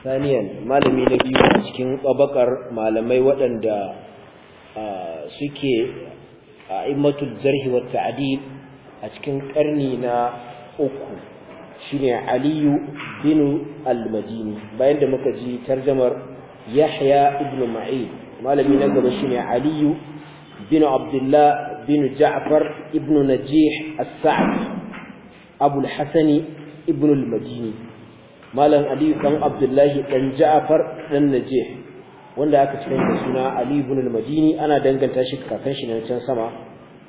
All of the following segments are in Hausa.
saniyan malami na biyu a cikin tsabakar malamai waɗanda suke a immatul zarhi wa ta'dil a cikin karni na uku shine aliyu bin al-madini bayan da muka ji tarjamar yahya ibnu ma'in malami na gaba shine aliyu bin abdullah bin ja'far ibnu najih as-sa'd abul hasani madini malam aliyu dan abdullahi dan ja'far dan najih wanda aka cikin da suna ali ibn al-madini ana danganta shi kakan shi ne can sama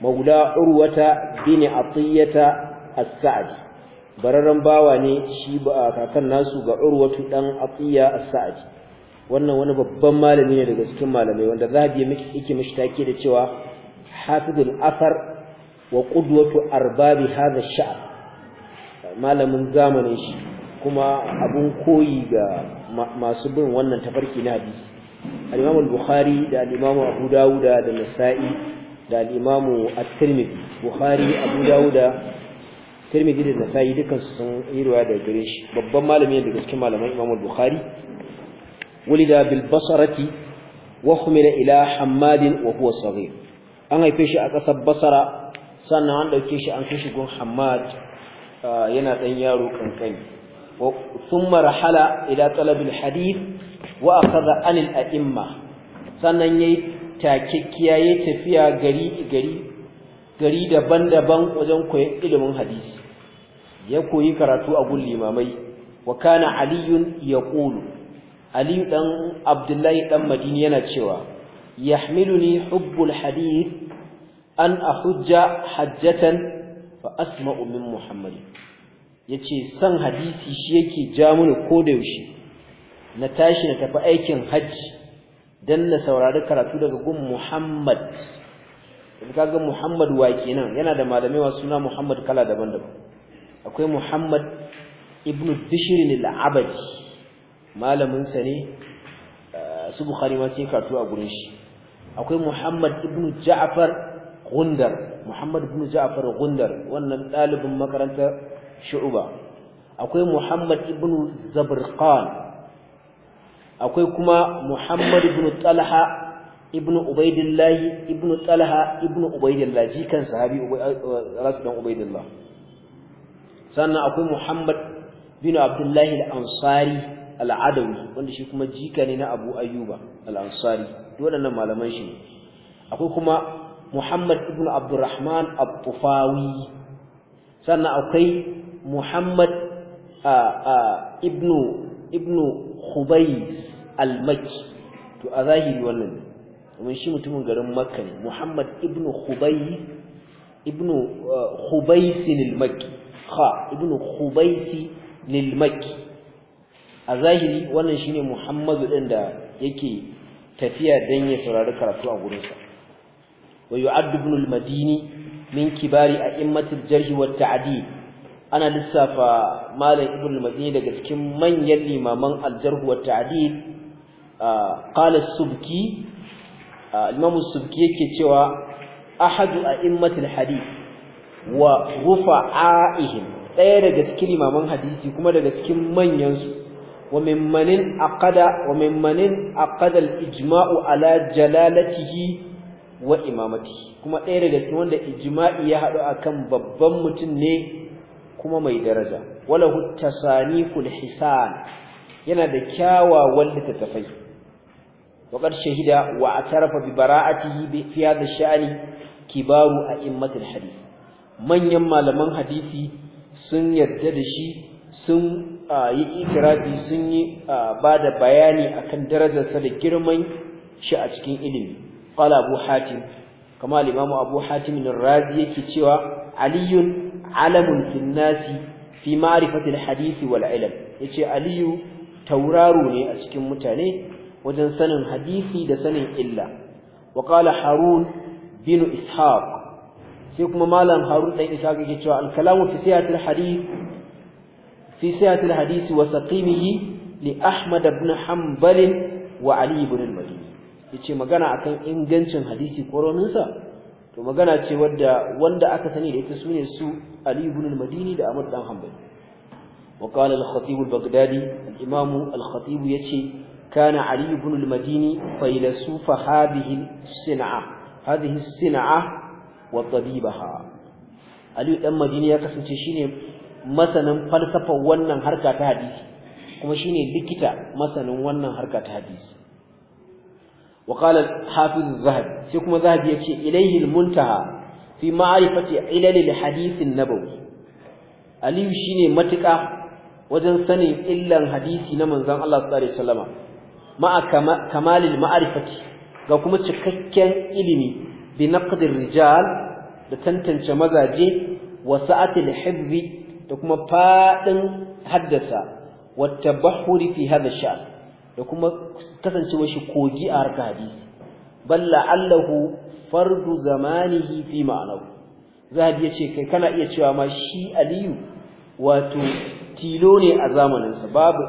maula urwata bin atiyata as-sa'di bararran bawa ne shi ba kakan nasu ga urwatu dan atiya as-sa'di wannan wani babban malami ne daga cikin malamai wanda zahabi yake mishi take da cewa hafizul asar wa qudwatu arbabi hadha ash-sha'r malamin zamanin shi kuma abun koyi ga masu bin wannan tafarki na hadisi al-Imam al-Bukhari da al-Imam Abu Dawud da Nasa'i da al-Imam at-Tirmidhi Bukhari Abu Dawud Tirmidhi da Nasa'i dukan su sun yi riwaya da gare shi babban malami ne daga cikin malaman Imam al-Bukhari ولد بالبصرة وحمل إلى حماد وهو صغير an haife shi a ƙasar basara sannan an ɗauke shi an kai shi gun hamad ah, yana ɗan yaro kankani ثم رحل إلى طلب الحديث وأخذ عن الأئمة sannan yayi takikkiya yayi tafiya gari gari gari daban-daban wajen koyon ilimin hadisi ya koyi karatu a gun limamai wa kana aliyun yaqulu ali dan abdullahi dan madini yana cewa yahmiluni hubbul hadith an ahujja hajjatan fa asma'u min muhammadin Ya ce son hadisi shi yake ja mini ko yaushe na tashi na tafi aikin hajji dan na saurari karatu daga gun Muhammad ka gan Muhammad wa kenan yana da malamai masu suna Muhammad kala daban-daban akwai Muhammad ibn Bishirin al Malaminsa ne eh, su bukari ma sai karatu a gurin shi akwai Muhammad ibn Ja'far Gundar Muhammad ibn Ja'far Gundar wannan ɗalibin makarantar shu'ba akwai muhammad ibn zabrqan akwai kuma muhammad ibn talha ibnu ubaidillah ibn talha ibn ubaidillah jikan sahabi uh, rasu dan ubaidillah sannan akwai muhammad bin abdullahi al-ansari al-adawi wanda shi kuma jika ne na abu ayyuba al-ansari waɗannan malaman shi akwai kuma muhammad ibn abdurrahman al-tufawi sannan akwai Muhammad ibnu ibnu Khubayz al-Makki to a zahiri wannan kuma shi mutumin garin Makka ne Muhammad ibnu Khubayz ibnu Khubayz al-Makki kha ibnu Khubayz al-Makki a zahiri wannan shine Muhammadu din da yake tafiya dan ya saurari karatu a gurinsa wa yu'addu ibn al-Madini min kibari a'immatil jarh wa ta'dil ana lissafa malam ibnu madini daga cikin manyan limaman al-jarh wa ta'dil ah, qala subki ah, imam subki yake cewa ahadu a'immatil hadith wa rufa'a'ihim ɗaya daga cikin limaman hadisi kuma daga cikin manyan su wa mimmanin aqada wa mimmanin aqada al-ijma'u ala jalalatihi wa imamatihi kuma ɗaya daga cikin wanda ijma'i ya haɗu akan babban mutum ne kuma mai daraja walahu tasaniful hisan yana da kyawawan littattafai shahida wa واعترف bi في هذا الشأن كبار أئمة الحديث hadith Manyan malaman hadisi sun yadda da shi sun yi ikirafi sun yi bada bayani akan darajarsa da girman shi a cikin ilimi qala abu hatim kamar imamu abu hatim ar-razi yake cewa aliyun alamun finnasi fi ma'rifatil hadisi wal yace aliyu tauraro ne a cikin mutane wajen sanin hadisi da sanin illa wa qala harun bin ishaq sai kuma mallam harun dan ishaq yake cewa al kalamu fi sihatil hadith hadisi wa saqimihi li ahmad ibn hanbal wa ali ibn al yace magana akan ingancin hadisi ko to magana ce wadda wanda aka sani da ita sune su Ali ibn al-Madini da Ahmad dan Hanbali wa qala al-Khatib al-Baghdadi al-Imam al-Khatib yace kana Ali ibn al-Madini faylasufa hadhihi sina'a hadhihi sina'a wa tabibaha Ali dan Madini ya kasance shine masanin falsafar wannan harka ta hadisi kuma shine likita masanin wannan harka ta hadisi wa qala hafiz sai kuma zahabi ya ce, al-muntaha fi ma'rifati ilal al na an-nabawi aliyu shine matuka wajen sanin illan hadisi na manzon Allah sallallahu alaihi ma'a kamalil ma'rifati ga kuma cikakken ilimi bi rijal da tantance mazaje wa sa'atil hibbi da kuma fadin haddasa wa tabahhuri fi hadha sha. da kuma kasancewar shi kogi a harkar hadisi balla allahu fardu zamanihi fi ma'anahu zahabi yace kai kana iya cewa ma shi aliyu wato tilo ne a zamaninsa babu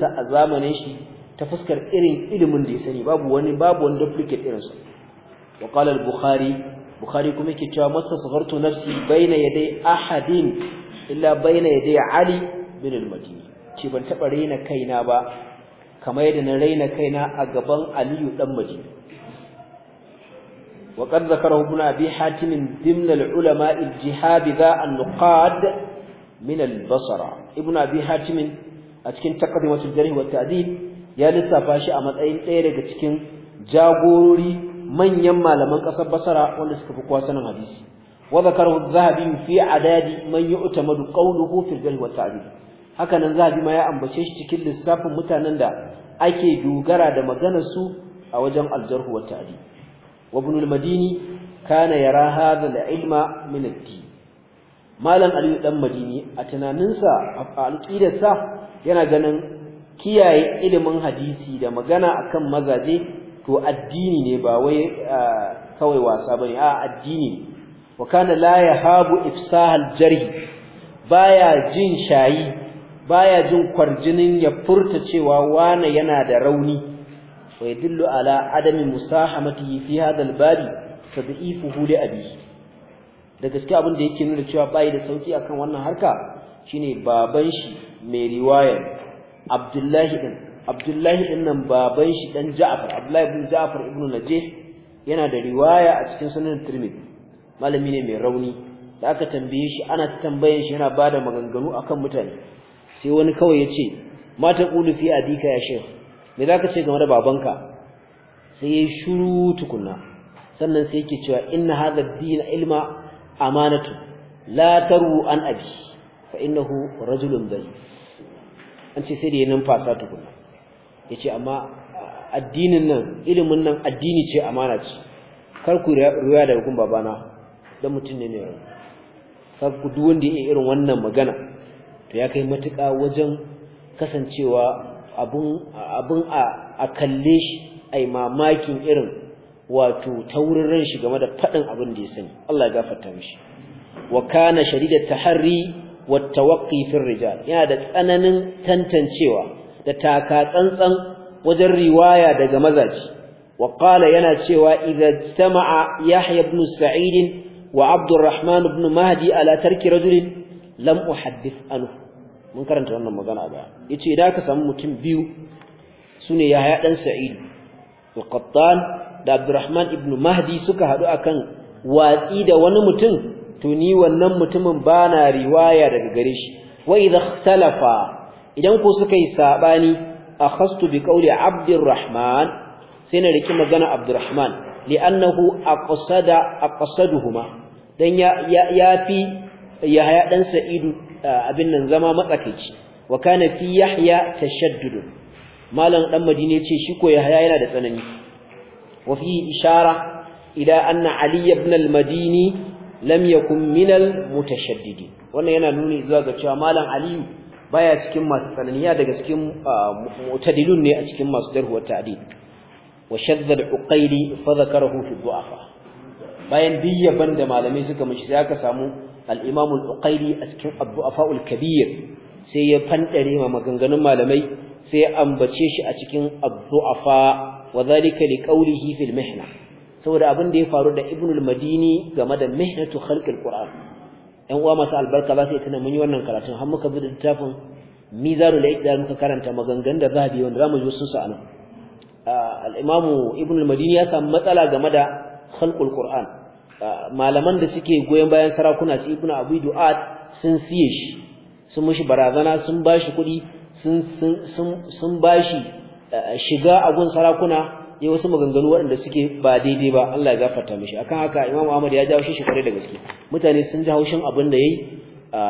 sa a zamanin shi ta fuskar irin ilimin da ya sani babu wani babu wani duplicate irinsa wa qala al-bukhari bukhari kuma yake cewa mastasghartu nafsi baina yaday ahadin illa baina yaday ali bin al-madini ce ban taba raina kaina ba kamar yadda na raina kaina a gaban Aliyu dan maji. wa qad zakarahu ibn abi hatim dimna al-ulama al-jihad za an-nuqad min al-basra ibn abi hatim a cikin taqdimatul jarh wa ta'dil ya lissafa shi a matsayin ɗaya daga cikin jagorori manyan malaman ƙasar Basra wanda suka fi kowa sanin hadisi wa zakarahu adh-dhahabi fi adadi man yu'tamadu qawluhu fil jarh wa ta'dil haka nan zahabi ma ya ambace shi cikin lissafin mutanen da ake dogara da maganar su a wajen aljarhu wa ta'di wa ibn al-madini kana yara hadha al-ilma min ad-din malam ali dan madini a tunaninsa a alqidarsa yana ganin kiyaye ilimin hadisi da magana akan mazaje to addini ne ba wai kawai wasa bane a addini wa kana la yahabu ifsahal jarh baya jin shayi baya jin kwarjinin ya furta cewa wane yana da rauni wa yadullu ala adami musahamatihi fi hadha albabi tad'ifuhu li abi da gaske abin da yake nuna cewa bai da sauki akan wannan harka shine baban shi mai riwaya Abdullahi din Abdullahi nan baban shi dan Ja'far Abdullahi ibn Ja'far ibn Najih yana da riwaya a cikin sunan Tirmidhi malami ne mai rauni da aka tambaye shi ana tambayen shi yana bada maganganu akan mutane sai wani kawai yace mata taqulu fi abika ya shaykh me zaka ce game da babanka sai yayi shuru tukunna sannan sai yake cewa inna hadha ad-din ilma amanatu la taru an abi fa innahu rajulun dhaif an ce sai da yayin fasa tukunna yace amma addinin nan ilimin nan addini ce amana ce kar ku ruya da hukun babana dan mutun ne ne kar ku duk wanda yake irin wannan magana to ya kai matuƙa wajen kasancewa abin a kalle shi ai mamakin irin wato taurin ran shi game da faɗin abin da ya sani Allah ya gafarta mishi wa kana sharidat tahri wa tawaqqi rijal yana da tsananin tantancewa da taka tsantsan wajen riwaya daga mazaji wa qala yana cewa idza jama'a yahya ibn sa'id wa abdurrahman ibn mahdi ala tarki rajulin lam uhaddith anhu mun karanta wannan magana ba yace idan ka samu mutum biyu sune Yahya dan Sa'id al-Qattan da Abdurrahman ibn Mahdi suka hadu akan watsi da wani mutum to ni wannan mutumin bana riwaya daga gare shi wa idha ikhtalafa idan ko suka yi sabani akhastu bi qawli Abdurrahman sai na riki magana Abdurrahman li'annahu aqsada aqsaduhuma dan ya ya fi yahya dan sa'idu abin nan zama matsakaici wa kana fi yahya tashaddud malam dan madina yace shi ko yahya yana da tsanani wa fi ishara ila anna ali ibn al-madini lam yakun min al mutashaddidi wannan yana nuni zuwa ga cewa malam ali baya cikin masu tsananiya daga cikin mu'tadilun ne a cikin masu darhuwar ta'dil wa shadda al-uqayli fa dhakarahu fi du'afa bayan diyyaban da malamai suka mishi sai aka samu al a cikin abu a cikin Abdu'afa'ul Kabir sai ya fandare ma maganganun malamai sai ya ambace shi a cikin Abdu'afa wa zalika liqawlihi fil mihna saboda abin da ya faru da ibnul madini game da mihnatu khalqil Qur'an Yan uwa masu albarka ba sai tana mun yi wannan karatun har muka bi littafin da ita muka karanta maganganun da Zahabi wanda mu zo sun sa anan al madini ya samu matsala game da khalqul Qur'an malaman da suke goyon bayan sarakuna su ibnu abi du'at sun siye shi sun mushi barazana sun bashi kuɗi sun sun sun bashi eh, shiga a gun sarakuna ya wasu maganganu waɗanda suke ba daidai ba Allah ya gafarta mishi akan haka Imam Ahmad ya jawo shi shi da gaske mutane sun ji haushin abin da yayi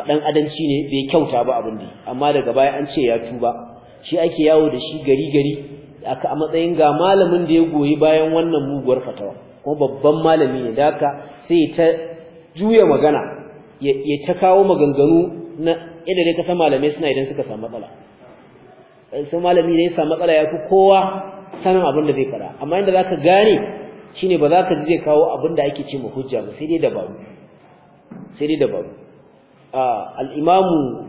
dan eh, adanci ne bai kyauta ba abin da amma daga baya an ce ya tuba shi ake yawo da shi gari gari a matsayin ga malamin da ya goyi bayan wannan muguwar fatawa Kuma babban malami ne daka sai ta juya magana ya ta kawo maganganu na inda dai ka malamai suna idan suka samu matsala eh, sai malami ne samu matsala ya fi kowa sanin abin da zai fara amma inda ka gane shine ba za ka ji zai kawo abin da ake ce ma hujja ba sai dai dabaru sai dai dabaru ah, al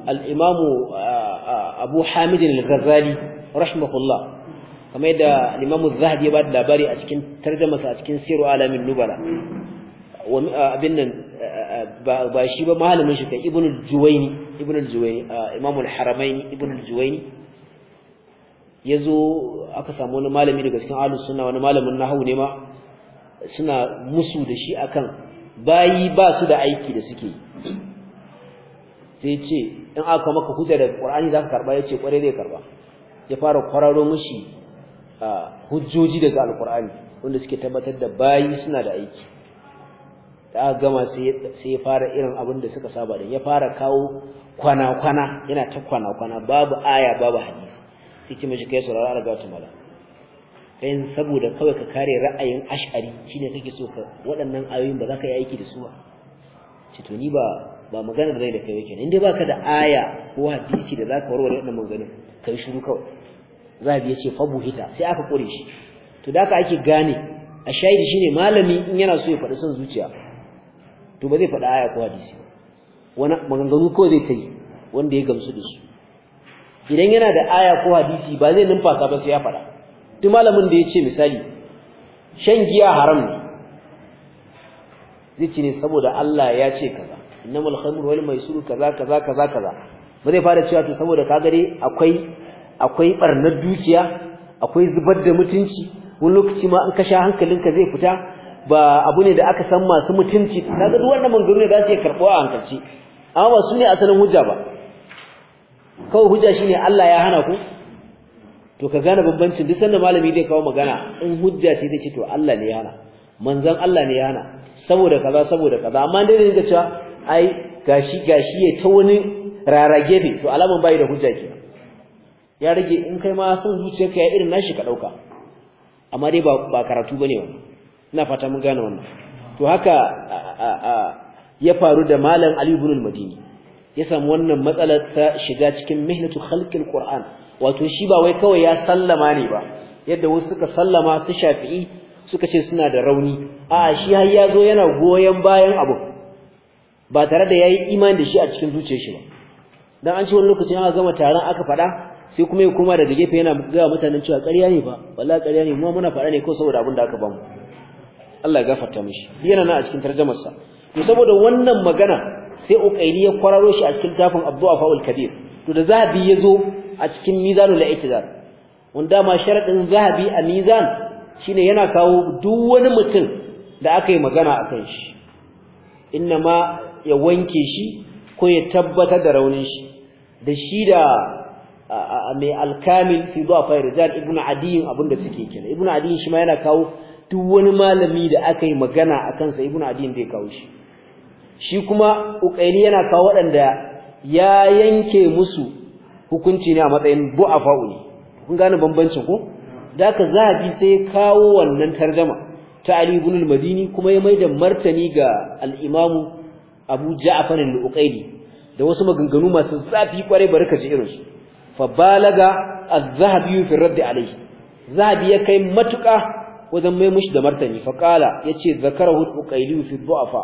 ah, ah, Abu Hamid al-Ghazali rahimahullah kamar da limamu Zahabi ya bada labari a cikin tarjumarsa a cikin Sirru Alamin Nubala abin nan ba shi ba malamin shi kai Ibn al-Juwayni Ibn al-Juwayni Imam haramain Ibn al-Juwayni yazo aka samu wani malami daga cikin Ahlus Sunna wani malamin nahwu ne ma suna musu da shi akan bayi ba su da aiki da suke sai ce in aka maka hujja da Qur'ani zaka karba yace kware zai karba ya fara kwararo mushi hujjoji daga alkur'ani wanda suke tabbatar da bayi suna da aiki da gama sai ya fara irin abin da suka saba da ya fara kawo kwana-kwana yana ta kwana-kwana babu aya babu hanyar sai ce kai saurara a gatu mala kai saboda kawai ka kare ra'ayin ash'ari shine kake so ka waɗannan ayoyin ba za ka yi aiki da su ba ce to ni ba ba maganar rai da kai yake ne in dai baka da aya ko hadisi da za ka warware wannan ka kai shiru kawai zabi yace fa buhita sai aka kore shi to da ake gane a shi shine malami in yana so ya faɗi son zuciya to ba zai faɗi aya ko hadisi wani maganganu ko zai yi wanda ya gamsu da su idan yana da aya ko hadisi ba zai numfasa ba sai ya faɗa duk malamin da ya ce misali shan giya haram ne zai ce ne saboda Allah ya ce kaza innamal khamru wal maisuru kaza kaza kaza kaza ba zai fara cewa to saboda kaga dai akwai akwai barnar dukiya akwai zubar da mutunci wani lokaci ma an kashe hankalinka zai fita ba abu ne da aka san masu mutunci kaga duk wannan mangaro ne za su iya karɓo a hankalci amma ba su ne asalin hujja ba kawai hujja shine Allah ya hana ku to ka gane bambancin duk sanda malami zai kawo magana in hujja ce zai ce to Allah ne ya hana manzon Allah ne ya hana saboda kaza saboda kaza amma dai ne ga cewa ai gashi gashi ya ta wani rarage ne to alaman bai da hujja kenan ya rage in kai ma san zuciyarka ya irin nashi ka dauka amma dai ba ba karatu bane wannan ina fata mun gane wannan to haka ya faru da malam Ali ibn al-Madini ya samu wannan matsalar ta shiga cikin mihnatu khalqil Qur'an wato shi ba wai kawai ya sallama ne ba yadda wasu suka sallama su Shafi'i suka ce suna da rauni a shi har ya zo yana goyen bayan abu ba tare da yayi imani da shi a cikin zuciyar shi ba dan an ce wani lokacin ana gama taron aka faɗa. sai kuma ya da da gefe yana ga mutanen cewa ƙarya ne ba wala ƙarya ne mu muna faɗa ne ko saboda abin da aka bamu Allah ya gafarta mishi yana nan a cikin tarjumarsa. to saboda wannan magana sai Uqayli ya kwararo shi a cikin tafin Abdu'afa al-Kabir to da Zahabi ya zo a cikin Mizanul I'tizar wanda ma sharadin Zahabi a Mizan shine yana kawo duk wani mutum da aka yi magana akan shi inna ma ya wanke shi ko ya tabbata da raunin shi da shi da mai alkamil fi du'afa rijal ibn adiyin abinda suke kira ibn adiyin shi ma yana kawo duk wani malami da aka yi magana a kansa ibn adi zai kawo shi shi kuma Ukaini yana kawo waɗanda ya yanke musu hukunci ne a matsayin du'afa ne kun gane bambancin ko da haka zahabi sai kawo wannan tarjama ta ali madini kuma ya maida martani ga Alimamu Abuja abu ja'far al da wasu maganganu masu zafi kwarai irin irinsu fa balaga az-zahabi fi radd alayhi zahabi ya kai matuka wajen mai mushi da martani fa qala yace zakarahu uqaili fi du'afa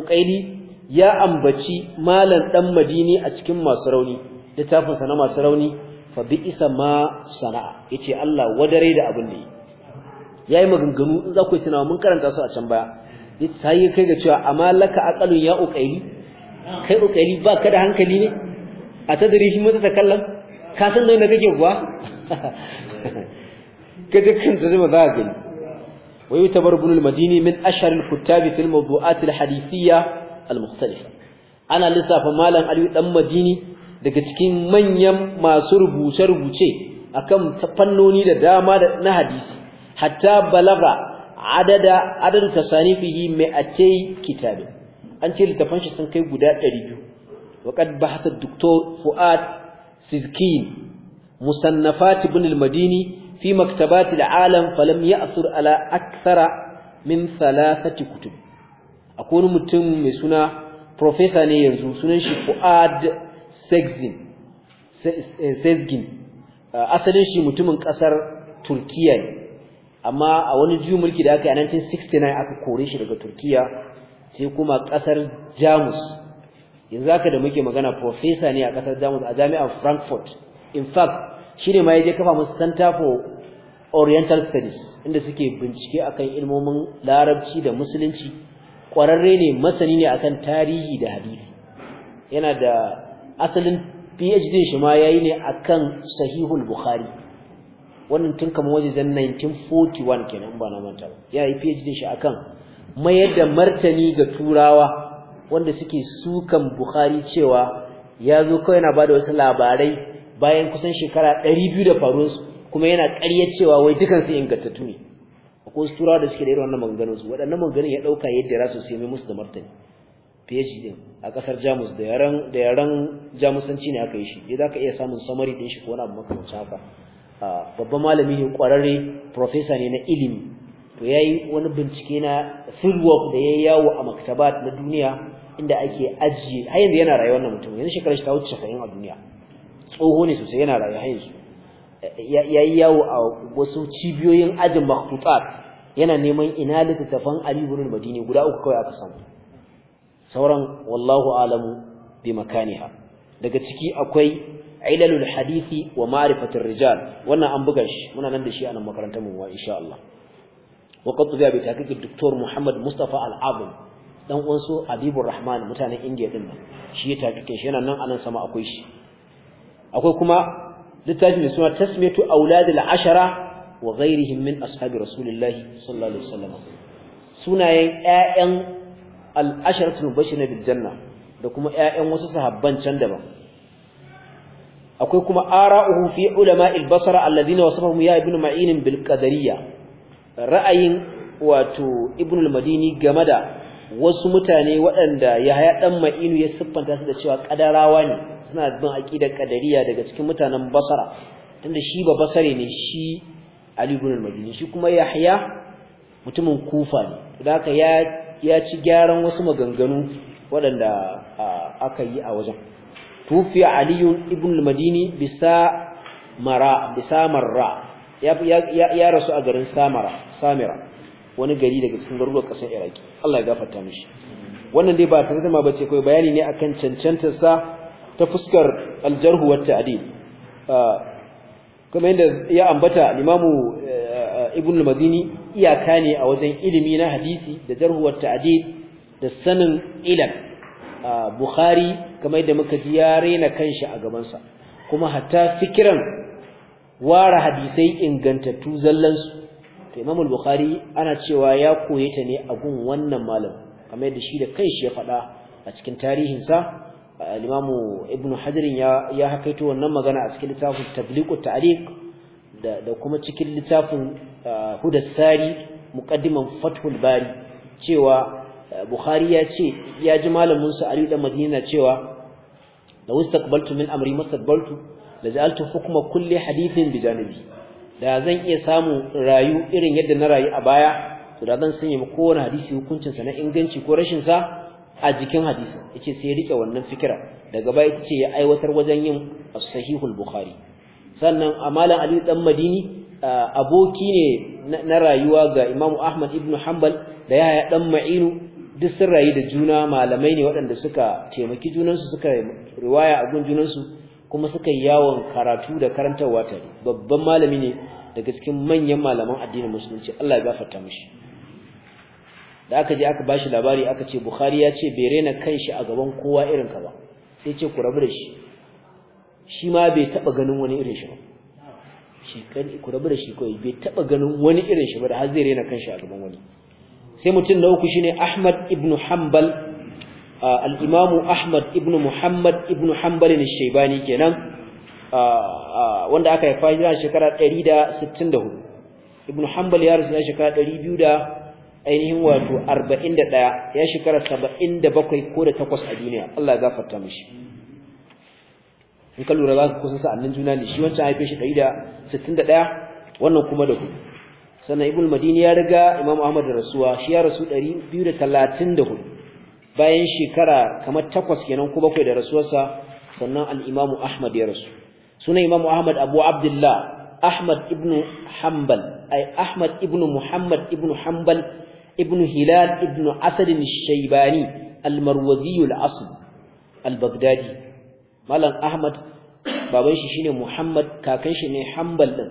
uqaili ya ambaci malan dan madini a cikin masu rauni littafin sa na masu rauni fa bi isa ma sana'a yace Allah wadare da abin da yayi maganganu in za ku tunawa mun karanta su a can baya yace sai kai ga cewa amalaka aqalun ya uqaili kai uqaili ba ka da hankali ne a tadrihi mun ta kallon? ka san da kake kuwa ka dukkan da zai za ka yi madini min ashar al-kuttab fi hadisiya mawduat al-hadithiyya ana lissafa malam ali ɗan madini daga cikin manyan masu rubuce rubuce akan fannoni da dama na hadisi hatta balaga adada adadin tasanifihi mai ace kitabin an ce littafan shi sun kai guda 200 وقد بحث الدكتور Fuad. سذكين مصنفات ابن المديني في مكتبات العالم فلم يأثر على أكثر من ثلاثة كتب أكون متم سنة بروفيسور نيزو سنة فؤاد سيغزين سيغزين أصلا شي متم قصر تركيا amma a wani juyin mulki da aka yi a 1969 aka kore shi daga Turkiya sai kuma kasar Jamus yanzu haka da muke magana professor ne a kasar Jamus a jami'ar Frankfurt in fact shine ma yaje kafa musu center for oriental studies inda suke bincike akan ilmomin larabci da musulunci kwararre ne masani ne akan tarihi da hadisi yana da asalin PhD shi ma yayi ne akan sahihul bukhari wannan tun kamar wajen 1941 kenan ba na manta ba yayi PhD shi akan mayar da martani ga turawa wanda suke sukan Bukhari cewa ya zo kawai yana bada wasu labarai bayan kusan shekara 200 da su kuma yana ƙarya cewa wai dukan su ingantattu ne akwai sura da suke da irin wannan maganganun su waɗannan maganganun ya ɗauka yadda rasu sai mai musu da martani PhD din a ƙasar Jamus da yaran da yaran Jamusanci ne aka yi shi dai ka iya samun summary din shi ko wani abu makamancin haka babban malami ne ƙwararre professor ne na ilimi to yayi wani bincike na fieldwork da yayi yawo a maktabat na duniya inda ake ajiye har yanzu yana rayuwar wannan mutum yanzu shekarar shi ta wuce 90 a duniya tsoho ne sosai yana rayuwa har yanzu ya yi yawo a wasu cibiyoyin ajin makhtutat yana neman ina littattafan Ali ibn Madini guda uku kawai aka samu sauran wallahu alamu bi makaniha daga ciki akwai ilalul hadisi wa ma'rifatur rijal wannan an buga shi muna nan da shi a nan makarantar mu insha Allah wa qad bi tahqiq Dr. Muhammad Mustafa Al-Azim dan uwansu Habibur Rahman mutanen India din nan shi ya tafi shi yana nan anan sama akwai shi akwai kuma littafi mai suna tasmiyatu auladil ashara wa ghairihim min ashabi rasulillah sallallahu alaihi wasallam sunayen ƴaƴan al-asharatul mubashirin bil janna da kuma ƴaƴan wasu sahabban can daban akwai kuma ara'uhu fi ulama'il basra alladhina wasafahum ya ibnu ma'in bil qadariyya ra'ayin wato ibnu al-madini game da wasu mutane waɗanda Yahaya ɗan Ma'inu ya siffanta su da cewa ƙadarawa ne suna bin aqidar ƙadariya daga cikin mutanen Basra tunda shi ba Basare ne shi Ali ibn madini shi kuma Yahya mutumin Kufa ne da haka ya ci gyaran wasu maganganu waɗanda aka yi a wajen tufi Ali ibn al-Madini bisa mara ya rasu a garin Samira wani gari daga cikin garuruwan kasar iraki Allah ya gafarta mishi wannan dai ba ba ce kai bayani ne akan cancantar sa ta fuskar aljarhu wa ta'dil ah, kuma inda ya ambata limamu eh, ibn al-madini iyaka ne a wajen ilimi na hadisi da jarhu wa ta'dil da sanin ilal ah, bukhari kamar da muka ji ya rena kanshi a gaban sa kuma hatta fikiran wara hadisai ingantattu zallansu to Imam bukhari ana cewa ya koye ta ne a gun wannan malam kamar yadda shi da kanshi ya faɗa a cikin tarihin sa Imam Ibn Hajar ya ya hakaito wannan magana a cikin littafin Tabliqut Ta'liq da da kuma cikin littafin ah, Hudas Sari muqaddiman Fathul Bari cewa ah, Bukhari ya ce ya ji malamin sa Ali da Madina cewa la wastaqbaltu min amri mastaqbaltu la ja'altu hukma kulli hadithin bi janibi da zan iya samu rayu irin yadda na rayu a baya to da zan sanya kowane hadisi hukuncin sa na inganci ko rashin sa a jikin hadisi yace sai rike wannan fikira daga baya yace ya aiwatar wajen yin as-sahihul bukhari sannan amalan ali dan madini aboki ne na rayuwa ga imamu ahmad ibnu hanbal da yaya dan ma'inu duk sun rayu da juna malamai ne waɗanda suka taimaki junansu suka riwaya a gun junansu kuma suka yawon karatu da karantarwa tare babban malami ne daga cikin manyan malaman addinin musulunci Allah ya gafarta mishi da aka je aka bashi labari aka ce Bukhari ya ce bai rena kanshi a gaban kowa irin ka ba sai ce ku rabu da shi shi ma bai taba ganin wani irin shi ba shi kan ku rabu da shi kawai bai taba ganin wani irin shi ba da har zai rena kanshi a gaban wani sai mutum na uku shine Ahmad ibn Hanbal Al'imamu ahmad ibn muhammad ibn hanbal al-shaybani kenan wanda aka haifa hijira shekara 164 ibn hanbal ya rasu shekara 200 da ainihin wato 41 ya shekara 77 ko da 8 a duniya Allah ya gafarta mishi in ka lura za ka kusa sa'annin juna ne shi wancan haife shi 161 wannan kuma da hudu sannan ibn madini ya riga imam ahmad da rasuwa shi ya rasu 234 bayan shekara kamar takwas kenan ko bakwai da rasuwarsa sannan al Ahmad ya rasu sunan Imam Ahmad Abu Abdullah Ahmad ibn Hanbal ay Ahmad ibn Muhammad ibn Hanbal ibn Hilal ibn Asad al-Shaybani al-Marwazi al-Asl al-Baghdadi Malam Ahmad baban shi shine Muhammad kakan shi ne Hanbal din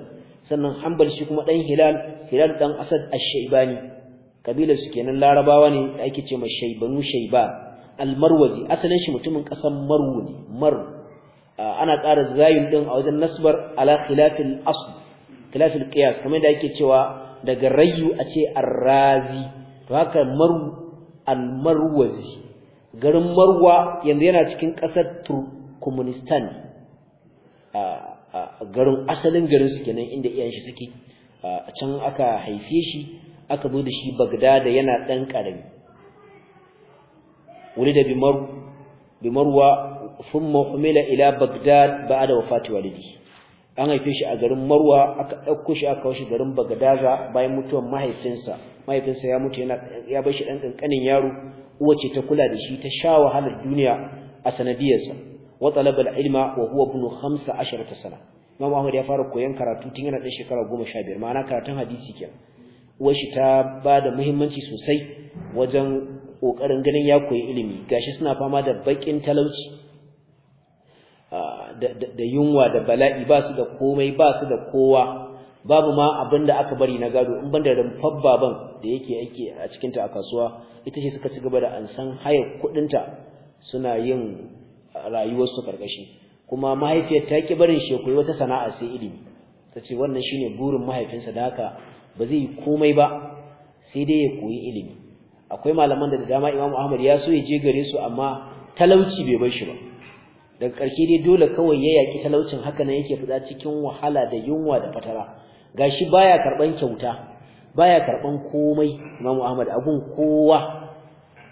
sannan Hanbal shi kuma dan Hilal Hilal dan Asad al-Shaybani kabilar su kenan larabawa ne ake ce mai shaibanu shaiba almarwazi asalin shi mutumin kasan marwu ne mar ana tsara zayin din a wajen nasbar ala khilafil asl khilafil qiyas kamar da ake cewa daga rayu a ce arrazi to haka maru almarwazi garin marwa yanzu yana cikin kasar turkmenistan garin asalin garin su kenan inda iyayen shi suke a can aka haife shi aka zo da shi bagdada yana ɗan ƙarami wuri da bimarwa sun mahumila ila bagdad ba da wafati walidi an haife shi a garin marwa aka ɗauko shi aka washe garin Bagdada bayan mutuwar mahaifinsa mahaifinsa ya mutu ya bar shi ɗan ƙanƙanin yaro uwa ce ta kula da shi ta sha wahalar duniya a sanadiyarsa wa talabal ilma wa huwa ibn 15 sana Imam Ahmad ya fara koyon karatu tun yana da shekara biyar, ma'ana karatun hadisi kenan washi ta ba da muhimmanci sosai wajen ƙoƙarin ganin ya koyi ilimi gashi suna fama da bakin talauci da yunwa da bala'i ba su da komai ba su da kowa babu ma abin da aka bari na gado in banda da rumfar baban da yake aiki a cikinta a kasuwa ita ce suka ci gaba da ansan haya kuɗinta suna yin rayuwarsu karkashi kuma mahaifiyar ta ki barin shi wata sana'a sai ilimi ta ce wannan shine burin mahaifinsa da haka ba zai yi komai ba sai dai ya koyi ilimi akwai malaman da da dama Imam Ahmad ya so ya je gare su amma talauci bai bar shi ba daga ƙarshe dai dole kawai ya yaki talaucin haka nan yake fita cikin wahala da yunwa da fatara gashi baya karban kyauta baya karban komai Imam Ahmad abun kowa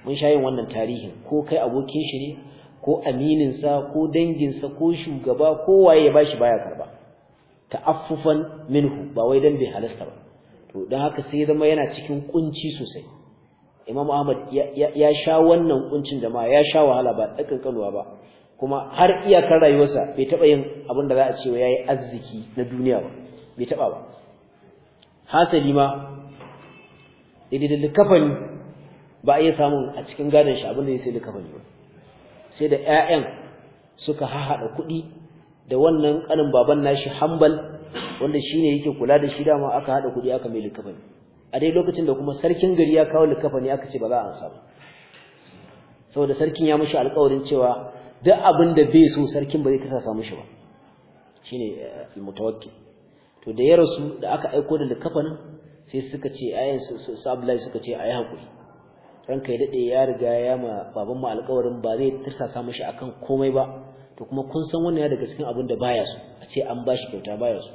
mun sha wannan tarihin ko kai abokin shi ne ko aminin sa ko danginsa, ko shugaba ko waye ya bashi baya karba ta'affufan minhu ba wai dan bai halasta ba to dan haka sai zama yana cikin kunci sosai Imam Ahmad ya sha wannan kuncin da ma ya sha wahala ba dakan kanuwa ba kuma har iyakar rayuwarsa bai taba yin abin da za a ce yi arziki na duniya ba bai taba ba hasali ma idan likafani ba a iya samun a cikin gadon shi abin da ya sai likafani ba sai da ƴaƴan suka hahaɗa kuɗi da wannan ƙanin baban nashi Hambal wanda shine yake kula da shi dama aka hada kudi aka mai likafani a dai lokacin da kuma sarkin gari ya kawo likafani aka ce ba za a ansa ba saboda sarkin ya mishi alƙawarin cewa duk abin da bai so sarkin ba zai kasa samu shi ba shine eh, mutawakkil to da ya rasu da aka aiko da likafanin sai suka ce ayin su Abdullahi suka ce ayi hakuri ranka ya dade ya riga ya ma baban mu alƙawarin ba zai tirsasa mishi akan komai ba to kuma kun san wannan ya daga cikin abin da baya so a ce an bashi kyauta baya so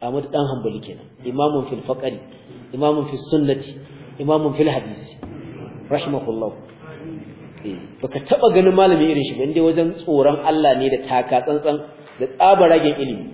Ahmad dan Hanbali kenan imamun fil faqri imamun fil sunnati imamun fil hadisi rahimahullah eh, baka taba ganin malami irin shi ba inda wajen tsoron Allah ne da taka tsantsan da tsabaragen ilimi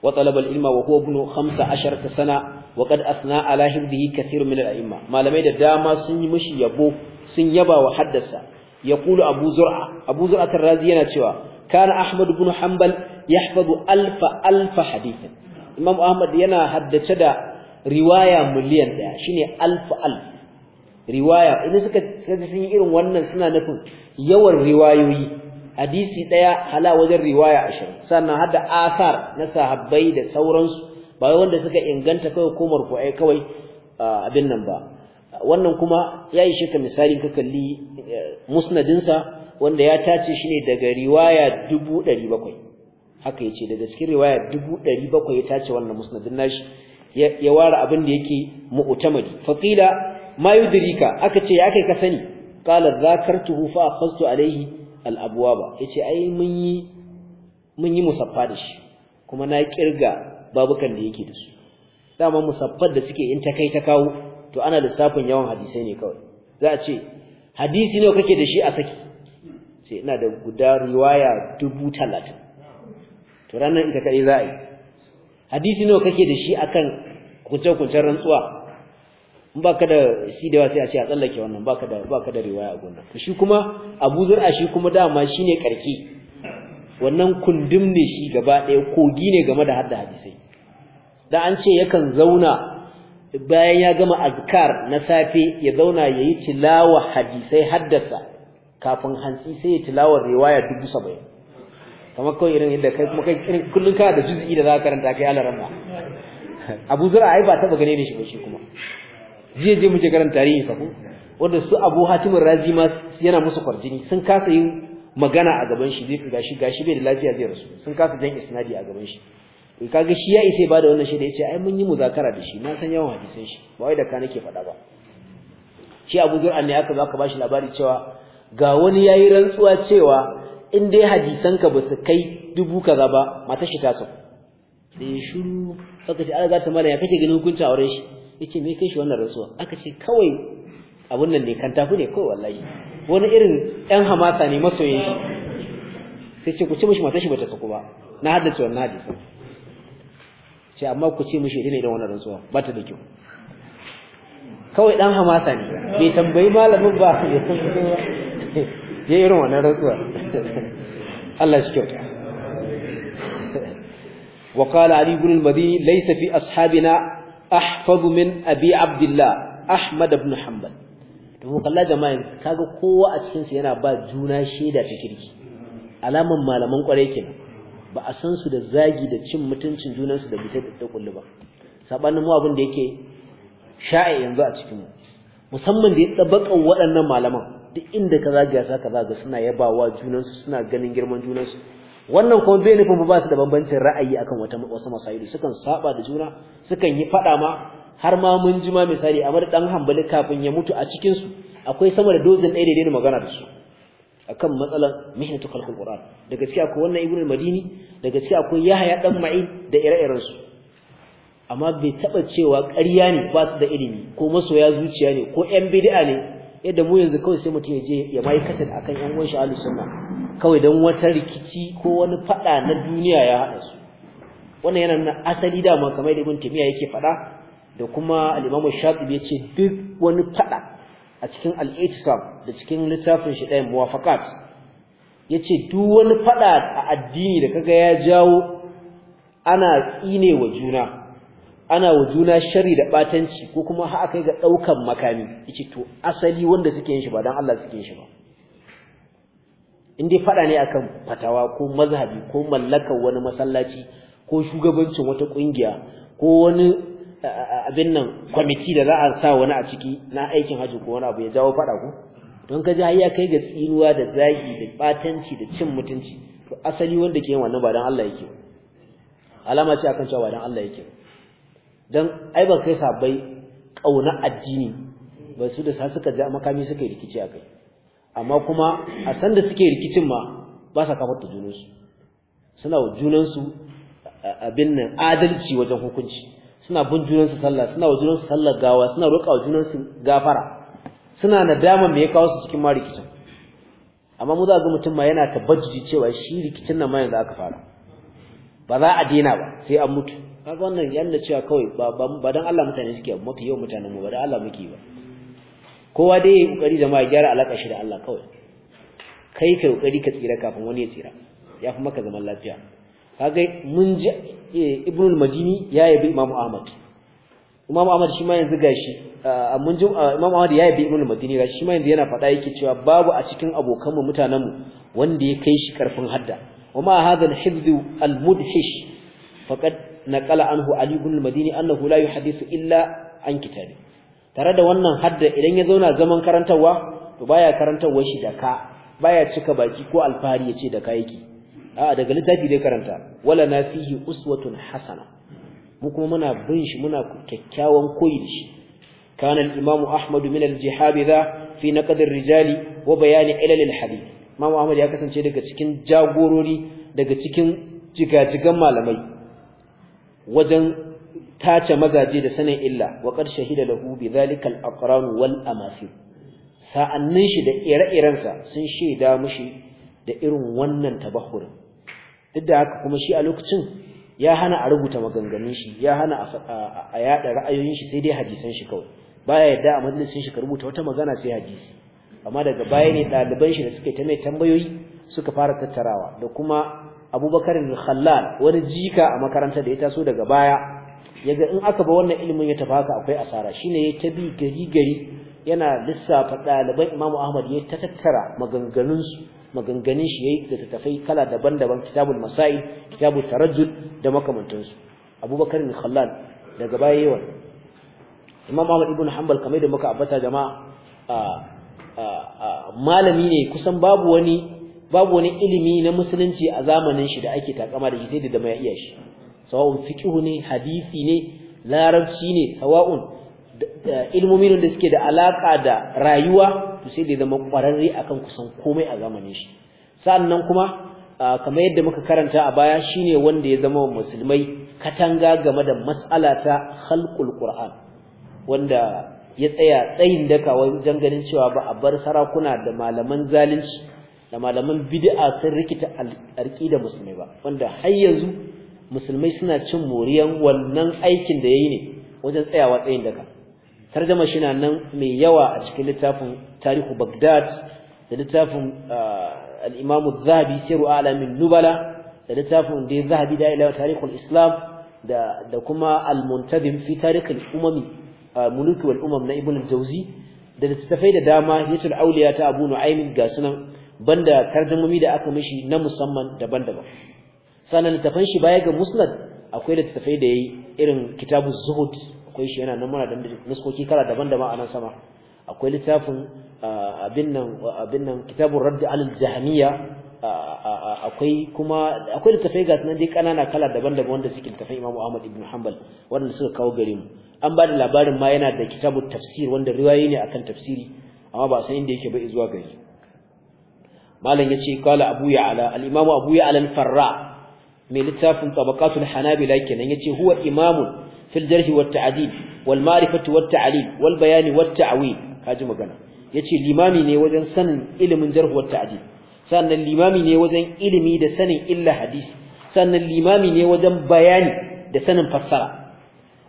wa talaba ilma wa huwa ibn 15 sana wa qad asna ala hibdihi kathir min al-a'imma malamai da dama sun yi mishi yabo sun yaba wa haddasa yaqulu abu zur'a abu zur'a ar-razi yana cewa kana ahmad ibn hanbal yahfazu alfa alfa hadithin imam ahmad yana haddace da riwaya miliyan daya shine alfa alf riwaya idan suka kaga sun yi irin wannan suna nufin yawan riwayoyi hadisi daya hala wajen riwaya 20 sannan hadda asar na sahabbai da sauransu ba wanda suka inganta kawai ko marfu ai kawai abin nan ba wannan kuma yayi shi ka misali ka kalli musnadinsa wanda ya tace shi ne daga riwaya bakwai. haka yace daga cikin riwaya 1700 ya tace wannan musnadin nashi ya ware abin da yake mu'tamadi faqila ma yudrika aka ce ya kai ka sani qala zakartuhu fa akhadtu alayhi al-abwaba yace ai mun yi mun yi musaffa da shi kuma na kirga babukan da yake da su dama musaffar da suke in ta kai ta kawo to ana lissafin yawan hadisai ne kawai za a ce hadisi ne kake da shi a saki sai ina da guda riwaya dubu talatin to ranar ita kaɗai za a yi hadisi nawa kake da shi akan kuce kucen rantsuwa in baka da shi da sai a ce a tsallake wannan baka da baka da riwaya a gurin to shi kuma Abu Zur'a shi kuma dama shine karki wannan kundum ne shi gaba ɗaya kogi ne game da hadda hadisai da an ce yakan zauna bayan ya gama azkar na safe ya zauna yayi tilawa hadisai haddasa kafin hantsi sai ya tilawa riwaya 70 kamar kawai irin inda kai kuma kai irin kullun kana da juz'i da za ka karanta kai alaran ma Abu Zur'a ai ba taba gane ne shi ba shi kuma jiya je muke karanta tarihi fa ko wanda su Abu Hatim Razi ma yana musu kwarjini sun kasa yin magana a gaban shi zai gashi gashi bai da lafiya zai rasu sun kasa jan isnadi a gaban shi kaga shi ya isa ba da wannan shaida yace ai mun yi muzakara da shi na san yawan hadisan shi ba wai da ka nake faɗa ba shi Abu Zur'a ne aka zaka bashi labari cewa ga wani yayi rantsuwa cewa in dai hadisanka ba su kai dubu kaza ba mata shi ta sau sai shiru aka ce an ta mala ya kake ganin hukuncin aure shi yace me kai shi wannan rasuwa aka ce kawai abun nan ne kan tafi ne kawai wallahi wani irin ɗan hamasa ne masoyin shi sai ce ku ce mishi mata shi ta saku ba na haddace wannan hadisan ce amma ku ce mishi ne da wannan rasuwa ba ta da kyau kawai ɗan hamasa ne bai tambayi malamin ba ya san ba ya irin wannan rantsuwa Allah shi kyauta wa qala ali ibn al-madini laysa fi ashabina ahfaz min abi abdullah ahmad ibn hanbal to mu kalla jama'a kaga kowa a cikin yana ba juna shaida ta kirki alaman malaman kwarai kenan ba a san su da zagi da cin mutuncin junansu da bitar da kulli ba sabanin mu abin da yake sha'a yanzu a cikin musamman da ya tsabakan waɗannan malaman duk inda ka zagaya sa ka zaga suna yabawa junansu suna ganin girman junansu wannan kuma bai nufin ba su da bambancin ra'ayi akan wata wasu masayidu sukan saba da juna sukan yi fada ma har ma mun ji ma misali amma dan hanbali kafin ya mutu a cikin su akwai sama da dozin ɗaya daidai magana da su akan matsalan mihnatu khalqul qur'an da gaskiya akwai wannan ibnu madini da gaskiya akwai yahaya dan ma'in da ire-iren su amma bai taba cewa ƙarya ne ba su da ilimi ko masoya zuciya ne ko yan bid'a ne yadda mu yanzu kawai sai mutum ya je ya mai katar akan yan uwan shi sunna kawai dan wata rikici ko wani fada na duniya ya hada su wannan yana nan asali da man kamar ibn timiya yake fada da kuma al-imam ya yace duk wani fada a cikin al da cikin littafin shi ɗayan muwafaqat yace duk wani fada a addini da kaga ya jawo ana tsinewa wa juna ana wa juna shari da batanci ko kuma har akai ga daukan makami yace to asali wanda suke yin shi ba dan Allah suke yin shi ba in dai fada ne akan fatawa ko mazhabi ko mallakar wani masallaci ko shugabancin wata kungiya ko wani abin nan kwamiti da za a sa wani a ciki na aikin haji ko wani abu ya jawo fada ko don ka ji har ya kai ga tsinuwa da zagi da batanci da cin mutunci to asali wanda ke yin wannan ba dan Allah yake alama ce akan cewa ba dan Allah yake ba dan ai ba kai sabai kauna addini ba su da sa suka ja makami suka yi rikici akai amma kuma a san da suke rikicin ma ba sa kafa junansu suna wa junansu abin nan adalci wajen hukunci suna bin junansu sallah suna wa junansu sallar gawa suna roƙa wa junansu gafara suna nadama me ya kawo su cikin ma rikicin amma mu za ga mutum ma yana tabbaci cewa shi rikicin nan ma yanzu aka fara ba za a daina ba sai an mutu kaga wannan yanda cewa kawai ba dan Allah mutane suke mafi yau mutanen mu ba dan Allah muke ba kowa dai yayi kokari jama'a gyara alaka shi da Allah kawai kai kai kokari ka tsira kafin wani ya tsira ya fi maka zaman lafiya kaga mun ji eh, ibnul majini ya yabi Imam Ahmad Imam Ahmad shi ma yanzu gashi ah, mun ji ah, Imam Ahmad ya yabi ibnul majini gashi shi ma yanzu yana faɗa yake cewa babu a cikin abokan mu mutanen mu wanda ya kai shi karfin hadda wa ma hadha al-hifz al-mudhish faqad naqala anhu ali ibn al-madini annahu la yuhaddisu illa an kitabi tare da wannan hadda idan ya zauna zaman karantarwa, to baya karantawa shi da ka baya cika baki ko alfahari ya ce da ka yake a'a daga littafi dai karanta wala na fihi uswatun hasana mu kuma muna bin shi muna kyakkyawan koyi shi kana al-imamu ahmad min al-jihabidha fi naqd ar-rijali wa bayan ilal al-hadith imamu ahmad ya kasance daga cikin jagorori daga cikin jigajigan malamai wajen tace mazaje da sanin illa wa qad shahida lahu bi zalikal al-aqran wal amasil sa'annin shi da ire iren sa sun shaida mushi da irin wannan tabahurin duk da haka kuma shi a lokacin ya hana a rubuta maganganun shi ya hana a yada ra'ayoyin shi sai dai hadisan shi kawai baya yadda a majalisin shi ka rubuta wata magana sai hadisi amma daga baya ne ɗaliban shi da suke ta mai tambayoyi suka fara tattarawa da kuma abubakar al-khallal wani jika a makarantar da ya taso daga baya yaga in aka ba wannan ilimin ya tafi haka akwai asara shine ya tabi gari gari yana lissafa ɗaliban imamu ahmad ya tattara maganganun su shi yayi da tafai kala daban-daban kitabul masail kitabul tarajjud da makamantansu abubakar al-khallal daga baya yawan imam ahmad ibn hanbal kamar da muka ambata jama'a malami ne kusan babu wani babu wani ilimi na musulunci a zamanin shi da ake takama da shi sai da dama ya iya shi sawa'un fiqhu ne hadisi ne larabci ne sawa'un ilmomin da suke da alaka da rayuwa to sai da zama kwararre akan kusan komai a zamanin shi sannan kuma kamar yadda muka karanta a baya shine wanda ya zama musulmai katanga game da mas'ala ta khalqul qur'an wanda ya tsaya tsayin daka wajen ganin cewa ba a bar sarakuna da malaman zalunci da malaman bid'a sun rikita da musulmai ba wanda har yanzu musulmai suna cin moriyan wannan aikin da yayi ne wajen tsayawa tsayin daka tarjuma shi na nan mai yawa a cikin littafin tarihu Baghdad da littafin ah, al-Imam zahabi Sirru Alamin Nubala da littafin da zahabi da ila al Islam da da kuma al-Muntazim fi al umami ah, wal umam na Ibn al-Jawzi da littafai da dama Hitul Auliya ta Abu Nu'aym ga sunan banda tarjumomi da aka mishi na musamman daban-daban sannan littafan shi baya ga musnad akwai tafai da yayi irin kitabu zuhud akwai shi yana nan muna da nuskoki kala daban-daban a nan sama akwai littafin ah, abin nan abin nan kitabur radd al jahmiya ah, akwai kuma akwai littafai ga sunan dai kanana kala daban-daban wanda suke tafai Imam Ahmad ibn Hanbal wanda suka kawo gare mu an ba da labarin ma yana da kitabu tafsir wanda riwayoyi ne akan tafsiri amma ba san inda yake ba zuwa gari malam yace qala abu ya'la al-imamu abu ya'la al-farra mai littafin tabaqatul hanabila kenan yace huwa imamun fil jarh wa ta'dil wal ma'rifatu wa ta'lil wal bayan wa ta'wil kaji magana yace limami ne wajen sanin ilimin jarh wa ta'dil sannan limami ne wajen ilimi da sanin illa hadisi sannan limami ne wajen bayani da sanin fassara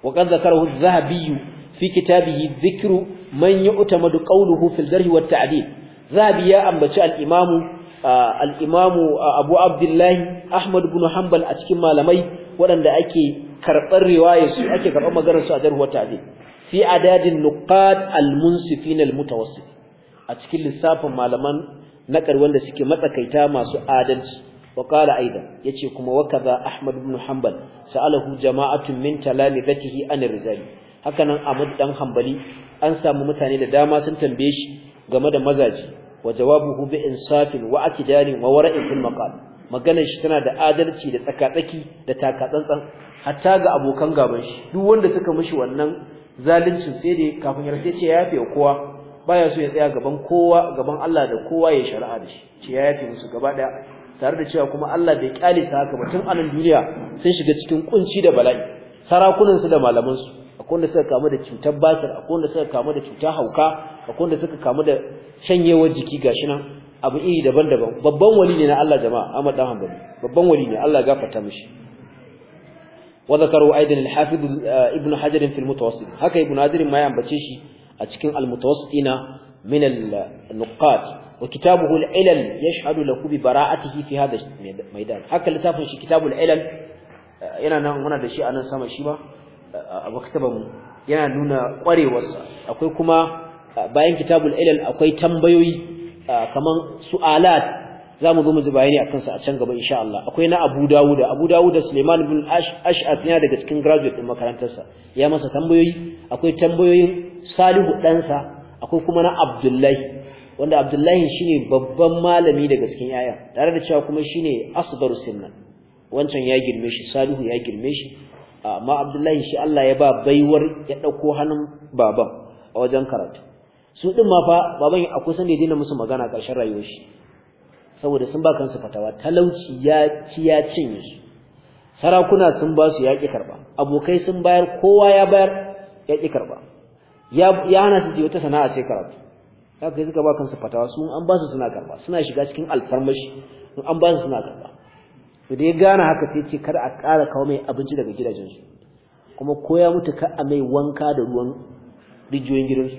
wa qad zakarahu adh-dhahabi fi kitabihi dhikru man yu'tamadu qawluhu fil jarh wa ta'dil zabi ya ambaci al'imamu imamu Abu Abdullahi Ahmad bin Hanbal a cikin malamai waɗanda ake karɓar riwayar su ake karɓar maganar su a jarhu ta'dil fi adadin nuqat al-munsifin al-mutawassit a cikin lissafin malaman na karwan da suke matsakaita masu adalci wa qala aidan yace kuma wa kaza Ahmad ibn Hanbal sa'alahu jama'atun min talamidatihi an rizali hakanan Ahmad dan Hanbali an samu mutane da dama sun tambaye shi game da mazaji wa jawabuhu bi insafin wa atidalin wa wara'in fil maqal maganar shi tana da adalci da tsakatsaki da takatsantsan hatta ga abokan gaban shi duk wanda suka mishi wannan zaluncin sai dai kafin ya race ce ya yafe kowa baya so ya tsaya gaban kowa gaban Allah da kowa ya shari'a da shi ce ya yafe musu gaba daya tare da cewa kuma Allah bai kyale sa haka ba tun anan duniya sun shiga cikin kunci da bala'i sarakunansu da malamansu, su akwai wanda suka kamu da cutar basir akwai wanda suka kamu da cutar hauka akwai wanda suka kamu da shanyewar jiki gashi nan abu iri daban-daban babban wali ne na Allah jama'a Ahmad dan Hanbali babban wali ne Allah gafarta mishi wa zakaru aidan al-hafiz eh, ibn hajar fi al-mutawassit haka ibn hajar ma ya ambace shi a cikin al-mutawassitina min al-nuqat wa kitabuhu al-ilal yashhadu lahu bi bara'atihi fi hadha al-maidan haka littafin shi kitabu kitabul ilal eh, yana nan muna da shi a nan sama shi ba eh, a maktabar mu yana nuna kwarewarsa akwai kuma bayan kitabul ilal akwai tambayoyi kaman su'alat zamu zo mu ji bayani akan su a can gaba insha Allah akwai na Abu Dawud Abu Dawud da Sulaiman bin Ash'ath yana daga cikin graduate din makarantarsa ya masa tambayoyi akwai tambayoyin Salihu ɗansa akwai kuma na Abdullahi wanda Abdullahi shine babban malami daga cikin yaya tare da cewa kuma shine asbaru sunna wancan ya girme shi Salihu ya girme shi amma Abdullahi shi Allah ya ba baiwar ya dauko hannun baban a wajen karatu su din ma fa baban akwai kusan da dina musu magana ƙarshen rayuwar shi saboda sun ba kansu fatawa talauci ya ci ya cinye su sarakuna sun ba su yaƙi karba abokai sun bayar kowa ya bayar yaƙi karba ya ya hana su wata sana'a sai karatu haka suka ba kansu fatawa su an ba su suna karba suna shiga cikin alfarmashi in an ba su suna karba to da ya gane haka sai ce kar a ƙara kawo mai abinci daga gidajensu kuma ko ya mutu ka a mai wanka da ruwan rijiyoyin gidansu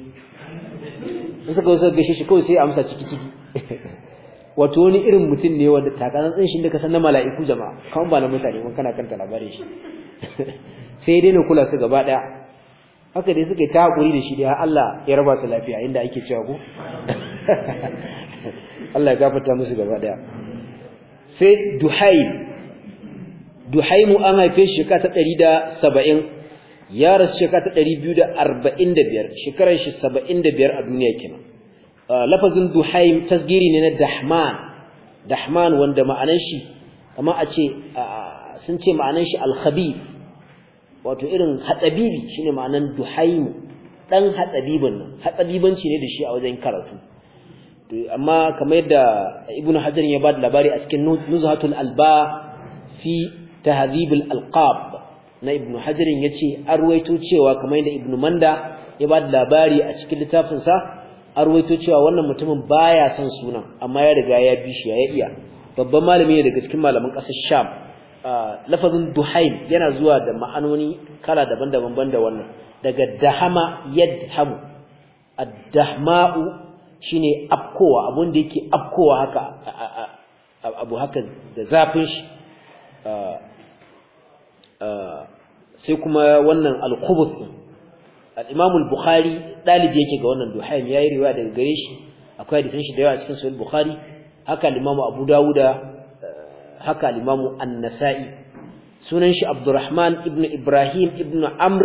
in suka zo gaishe shi kawai sai ya amsa ciki ciki wato wani irin mutum ne wanda takatsantsin shi da ka na mala'iku jama'a kan ba na mutane mun kana kanta labarin shi sai dai na kula su gaba daya haka dai suka yi ta hakuri da shi dai Allah ya raba su lafiya inda ake cewa ko Allah ya gafarta musu gaba daya sai duhaim duhaimu an haife shi ka ta 170 ya rasu shekara ta 245 shekarar shi 75 a duniya kenan uh, lafazin duhaim tasgiri ne na dahman dahman wanda ma'anar shi kamar a ce sun ce ma'anar shi alkhabib wato irin hatsabibi shine ma'anar duhaim Ɗan hatsabibin nan hatsabibanci ne da shi a wajen karatu amma kamar yadda ibnu hajar ya ba da labari a cikin nuzhatul alba fi tahdhib alqab na ibnu hajarin ya ce arwaito cewa kamar yadda ibnu manda ya ba da labari a cikin littafinsa arwaito cewa wannan mutumin ba ya son sunan amma ya riga ya bi shi ya iya babban malami ne daga cikin malaman ƙasar sham lafazin duhaim yana zuwa da ma'anoni kala daban-daban banda wannan daga dahama yadhamu ad-dahma'u shine afkowa abun da yake afkowa haka abu haka da zafin shi sai kuma wannan al-khubuth al-imam al-bukhari dalibi yake ga wannan duhaim yayi riwaya daga gare shi akwai hadisin shi da yawa cikin sahih bukhari haka al-imam abu dawuda eh, haka al-imam an-nasa'i sunan shi abdurrahman ibn ibrahim ibn amr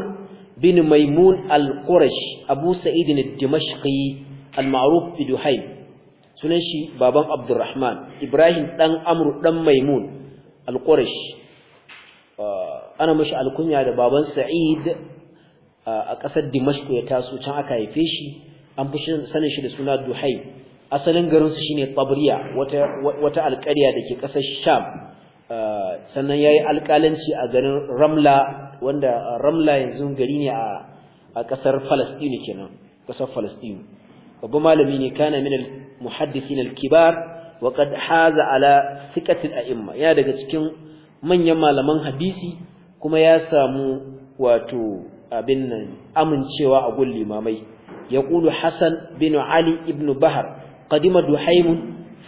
bin maimun al-qurash abu sa'id al-dimashqi al-ma'ruf bi duhaim sunan shi baban abdurrahman ibrahim dan amr dan maimun al-qurash Ah, ana mashi alkunya da baban Sa'id ah, a ƙasar Dimashq ya taso can aka haife shi an fi sanin shi da suna Duhai asalin garinsu shine Tabriya wata wata alƙarya ke ƙasar Sham ah, sannan yi alƙalanci a garin Ramla wanda Ramla yanzu gari ne a ƙasar Palestine kenan ƙasar Palestine babban malami ne kana min muhaddisin al-kibar wa qad haza ala thiqati al-a'imma yana daga cikin manyan malaman hadisi kuma ya samu wato abin nan amincewa a gun limamai ya kulu Hassan bin Ali ibn Bahar qadima Duhaym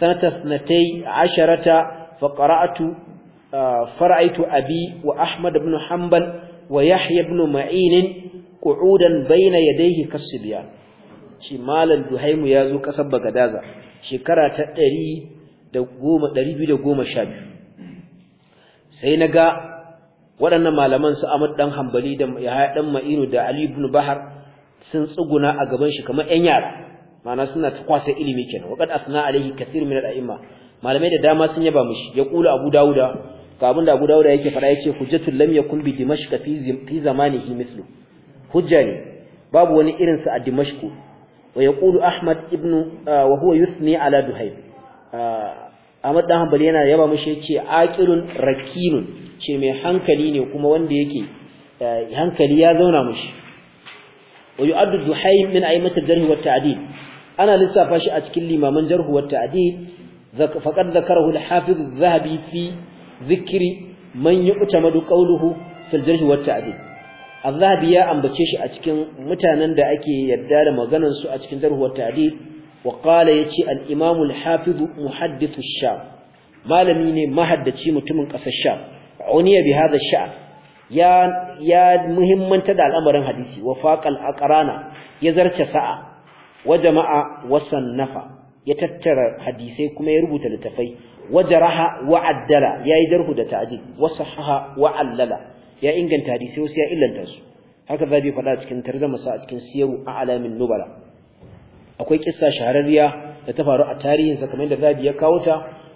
sanata 12 fa qara'atu fara'aitu abi wa Ahmad ibn Hanbal wa Yahya ibn Ma'in qu'udan bayna yadayhi kasbiyan shi malam Duhaym ya zo kasar Bagadaza shekara ta 100 da sha 212 sai na ga waɗannan malaman su Ahmad dan Hanbali da Yahya dan Ma'inu da Ali ibn Bahar sun tsuguna a gaban shi kamar ƴan yara ma'ana suna ta kwasa ilimi kenan waqad asna alaihi kathir min al-a'imma malamai da dama sun yaba mishi ya kula Abu Dawuda ga abin da Abu Dawuda yake fara ya hujjatul lam yakun bi dimashq fi zamanihi mislu hujja ne babu wani irin sa a dimashq wa yaqulu Ahmad ibn ah, wa huwa yuthni ala Duhayb ah, Ahmad dan Hanbali yana yaba mishi yace aqirun rakinun ce mai hankali ne kuma wanda yake eh, hankali ya zauna mishi wa yu'addu duhaym min mata al-jarh wa tadil ana lissafa shi a cikin limaman jarh wa tadil faqad zakarahu al-hafiz adh-dhahabi fi dhikri man yu'tamadu qawluhu fi al-jarh wa tadil adh-dhahabi ya ambace shi a cikin mutanen da ake yadda da maganar su a cikin jarh wa tadil وقال يتي الإمام الحافظ محدث الشام ما لمين مهد تيمة من قصة الشام عني بهذا الشأن يا يا مهم من تدع الأمر الحديثي وفاق الأقران يزرت ساعة وجمع وصنف يتتر حديثي كما يربط لتفي وجرح وعدل يا يجره ده تعديل وصحها وعلل يا إنجن تحديثي وسيا إلا انتسو هكذا بي فلا تكن ترجم ساعة تكن سيروا أعلى من نبلا akwai kissa shahararriya da ta faru a tarihin sa kamar yadda zabi ya kawo ta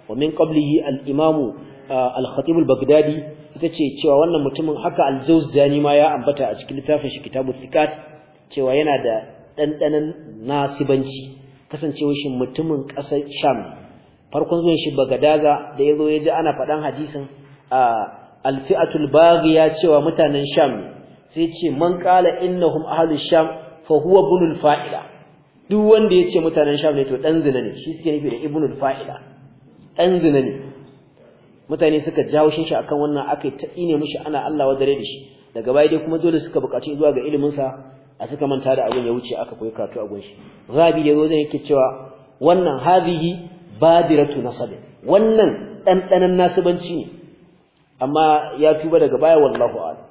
wa min qablihi al-imam uh, al-khatib al-baghdadi ita ce cewa wannan mutumin haka al-jawzani ma ya ambata a cikin littafin shi kitabu thiqat cewa yana da dandanan nasibanci kasancewar shi mutumin ƙasar Sham farkon zuwan shi Bagadaza da yazo ya ji ana faɗan hadisin uh, al-fi'atul baghiya cewa mutanen Sham sai ce man qala innahum ahlus Sham fa huwa bunul fa'ila duk wanda ya ce mutanen sham ne to dan zina ne shi suke nufi da ibnul fa'ila dan zina ne mutane suka jawo shi akan wannan aka ta ne mishi ana Allah wa dare da shi daga baya dai kuma dole suka buƙaci zuwa ga ilimin sa a suka manta da abin ya wuce aka koyi karatu a gunshi rabi ya zo zai yake cewa wannan hadihi badiratu nasabi wannan ɗanɗanan nasibanci ne amma ya tuba daga baya wallahu a'lam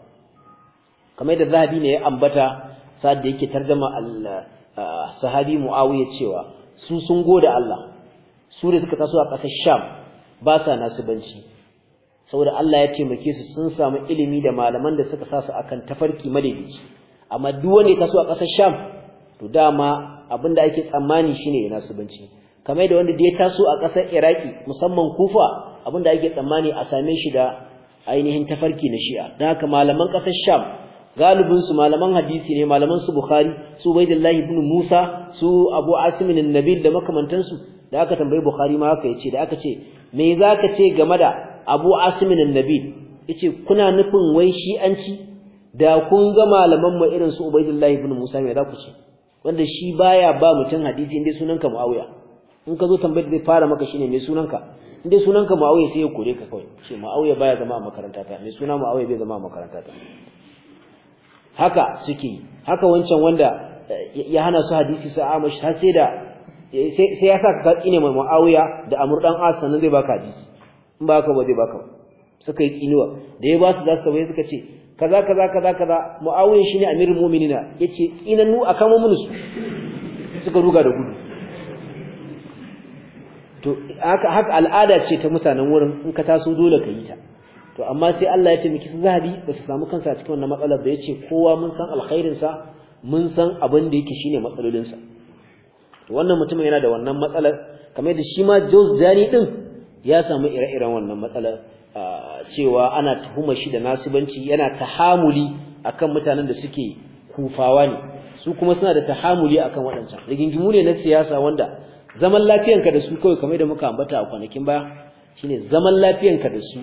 kamar da zahabi ne ya ambata sa'ad da yake tarjama Allah. Ah, sahabi muawiya cewa su sun gode Allah su da suka taso a ƙasar sham ba sa nasibanci saboda Allah ya taimake su sun samu ilimi da malaman da suka sasu akan tafarki madadi amma duk wanda ya taso a ƙasar sham to dama abin da ake tsammani shine ya nasibanci kamar da wanda da ya taso a ƙasar iraki musamman kufa da ake tsammani a same shi da ainihin tafarki na shi'a dan haka malaman ƙasar sham galibin su malaman hadisi ne malaman su bukhari su baydullah ibn musa su abu asim bin nabil da makamantan su da aka tambayi bukhari ma haka yace da aka ce me zaka ce game da abu asim bin nabil yace kuna nufin wai shi an ci da kun ga malaman mu irin su ubaydullah ibn musa me za ku ce wanda shi baya ba mutun hadisi indai sunanka muawiya in ka zo tambayar zai fara maka shine mai sunanka in dai sunanka Muawiya sai ya kore ka kawai ce Muawiya baya zama a makaranta ta mai suna Muawiya bai zama a makaranta ta haka suke haka wancan wanda eh, ya hana su hadisi su amashi har sai da eh, sai ya sa ka kine mai Muawiya da amur dan asan sannan zai baka hadisi in ba ka ba zai baka suka yi kinuwa da ya ba su da suka bai suka ce kaza kaza kaza kaza Muawiya shine amirul mu'minina yace tsinannu kama mu'minu su suka ruga da gudu to haka haka al'ada ce ta mutanen wurin in ka taso dole ka yi ta to amma sai Allah ya taimaki su zahabi ba su samu kansa a cikin wannan matsalar da ya ce kowa mun san alkhairinsa mun san abin da yake shine matsalolinsa to wannan mutumin yana da wannan matsalar kamar da shi ma Jos Jani din ya samu ire-iren wannan matsalar cewa ana tuhuma shi da nasibanci yana tahamuli akan mutanen da suke kufawa ne su kuma suna da tahamuli akan waɗancan rigingimu ne na siyasa wanda zaman lafiyanka da su kawai kamar da muka ambata a kwanakin baya shine zaman lafiyanka da su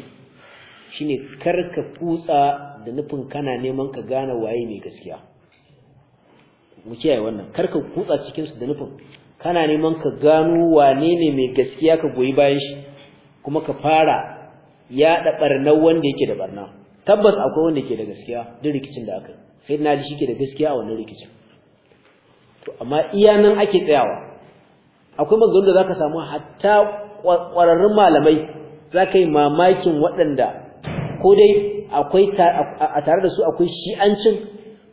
shine karka kutsa da nufin kana neman ka gane waye mai gaskiya mu kiyaye wannan karka kutsa cikin su da nufin kana neman ka gano wane ne mai gaskiya ka goyi bayan shi kuma ka fara yaɗa barnar wanda yake da barna tabbas akwai wanda ke da gaskiya duk rikicin da aka sai na ji shike da gaskiya a wannan rikicin to amma iya nan ake tsayawa akwai maganar da zaka samu hatta kwararrun malamai ka yi mamakin waɗanda ko dai akwai a tare da su akwai shi'ancin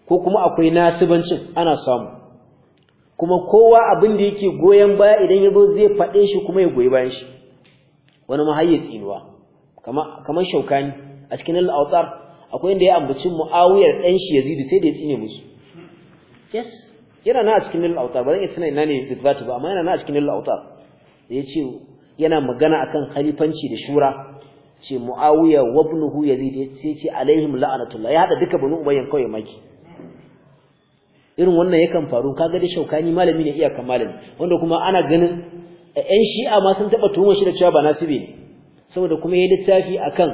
ko kuma akwai nasibancin ana samu kuma kowa abin da yake goyen baya idan ya zo zai faɗe shi kuma ya goyi bayan shi wani mahayyi tsinuwa kamar shaukani a cikin al'autar akwai inda ya ambaci mu'awiyar ɗan shi yazidu sai da ya tsine musu yes yana na a cikin al'autar ba zan iya tuna ina ne bizbatu ba amma yana na a cikin al'autar da ya ce yana magana akan khalifanci da shura ce muawiya wa ibnuhu yazid sai ce alaihim la'natullah ya hada duka banu ya kai maki irin wannan yakan faru kaga da shaukani malami ne iya malami wanda kuma ana ganin ƴan shi'a ma sun taba tuhumar shi da cewa ba nasibi ne saboda kuma yi littafi akan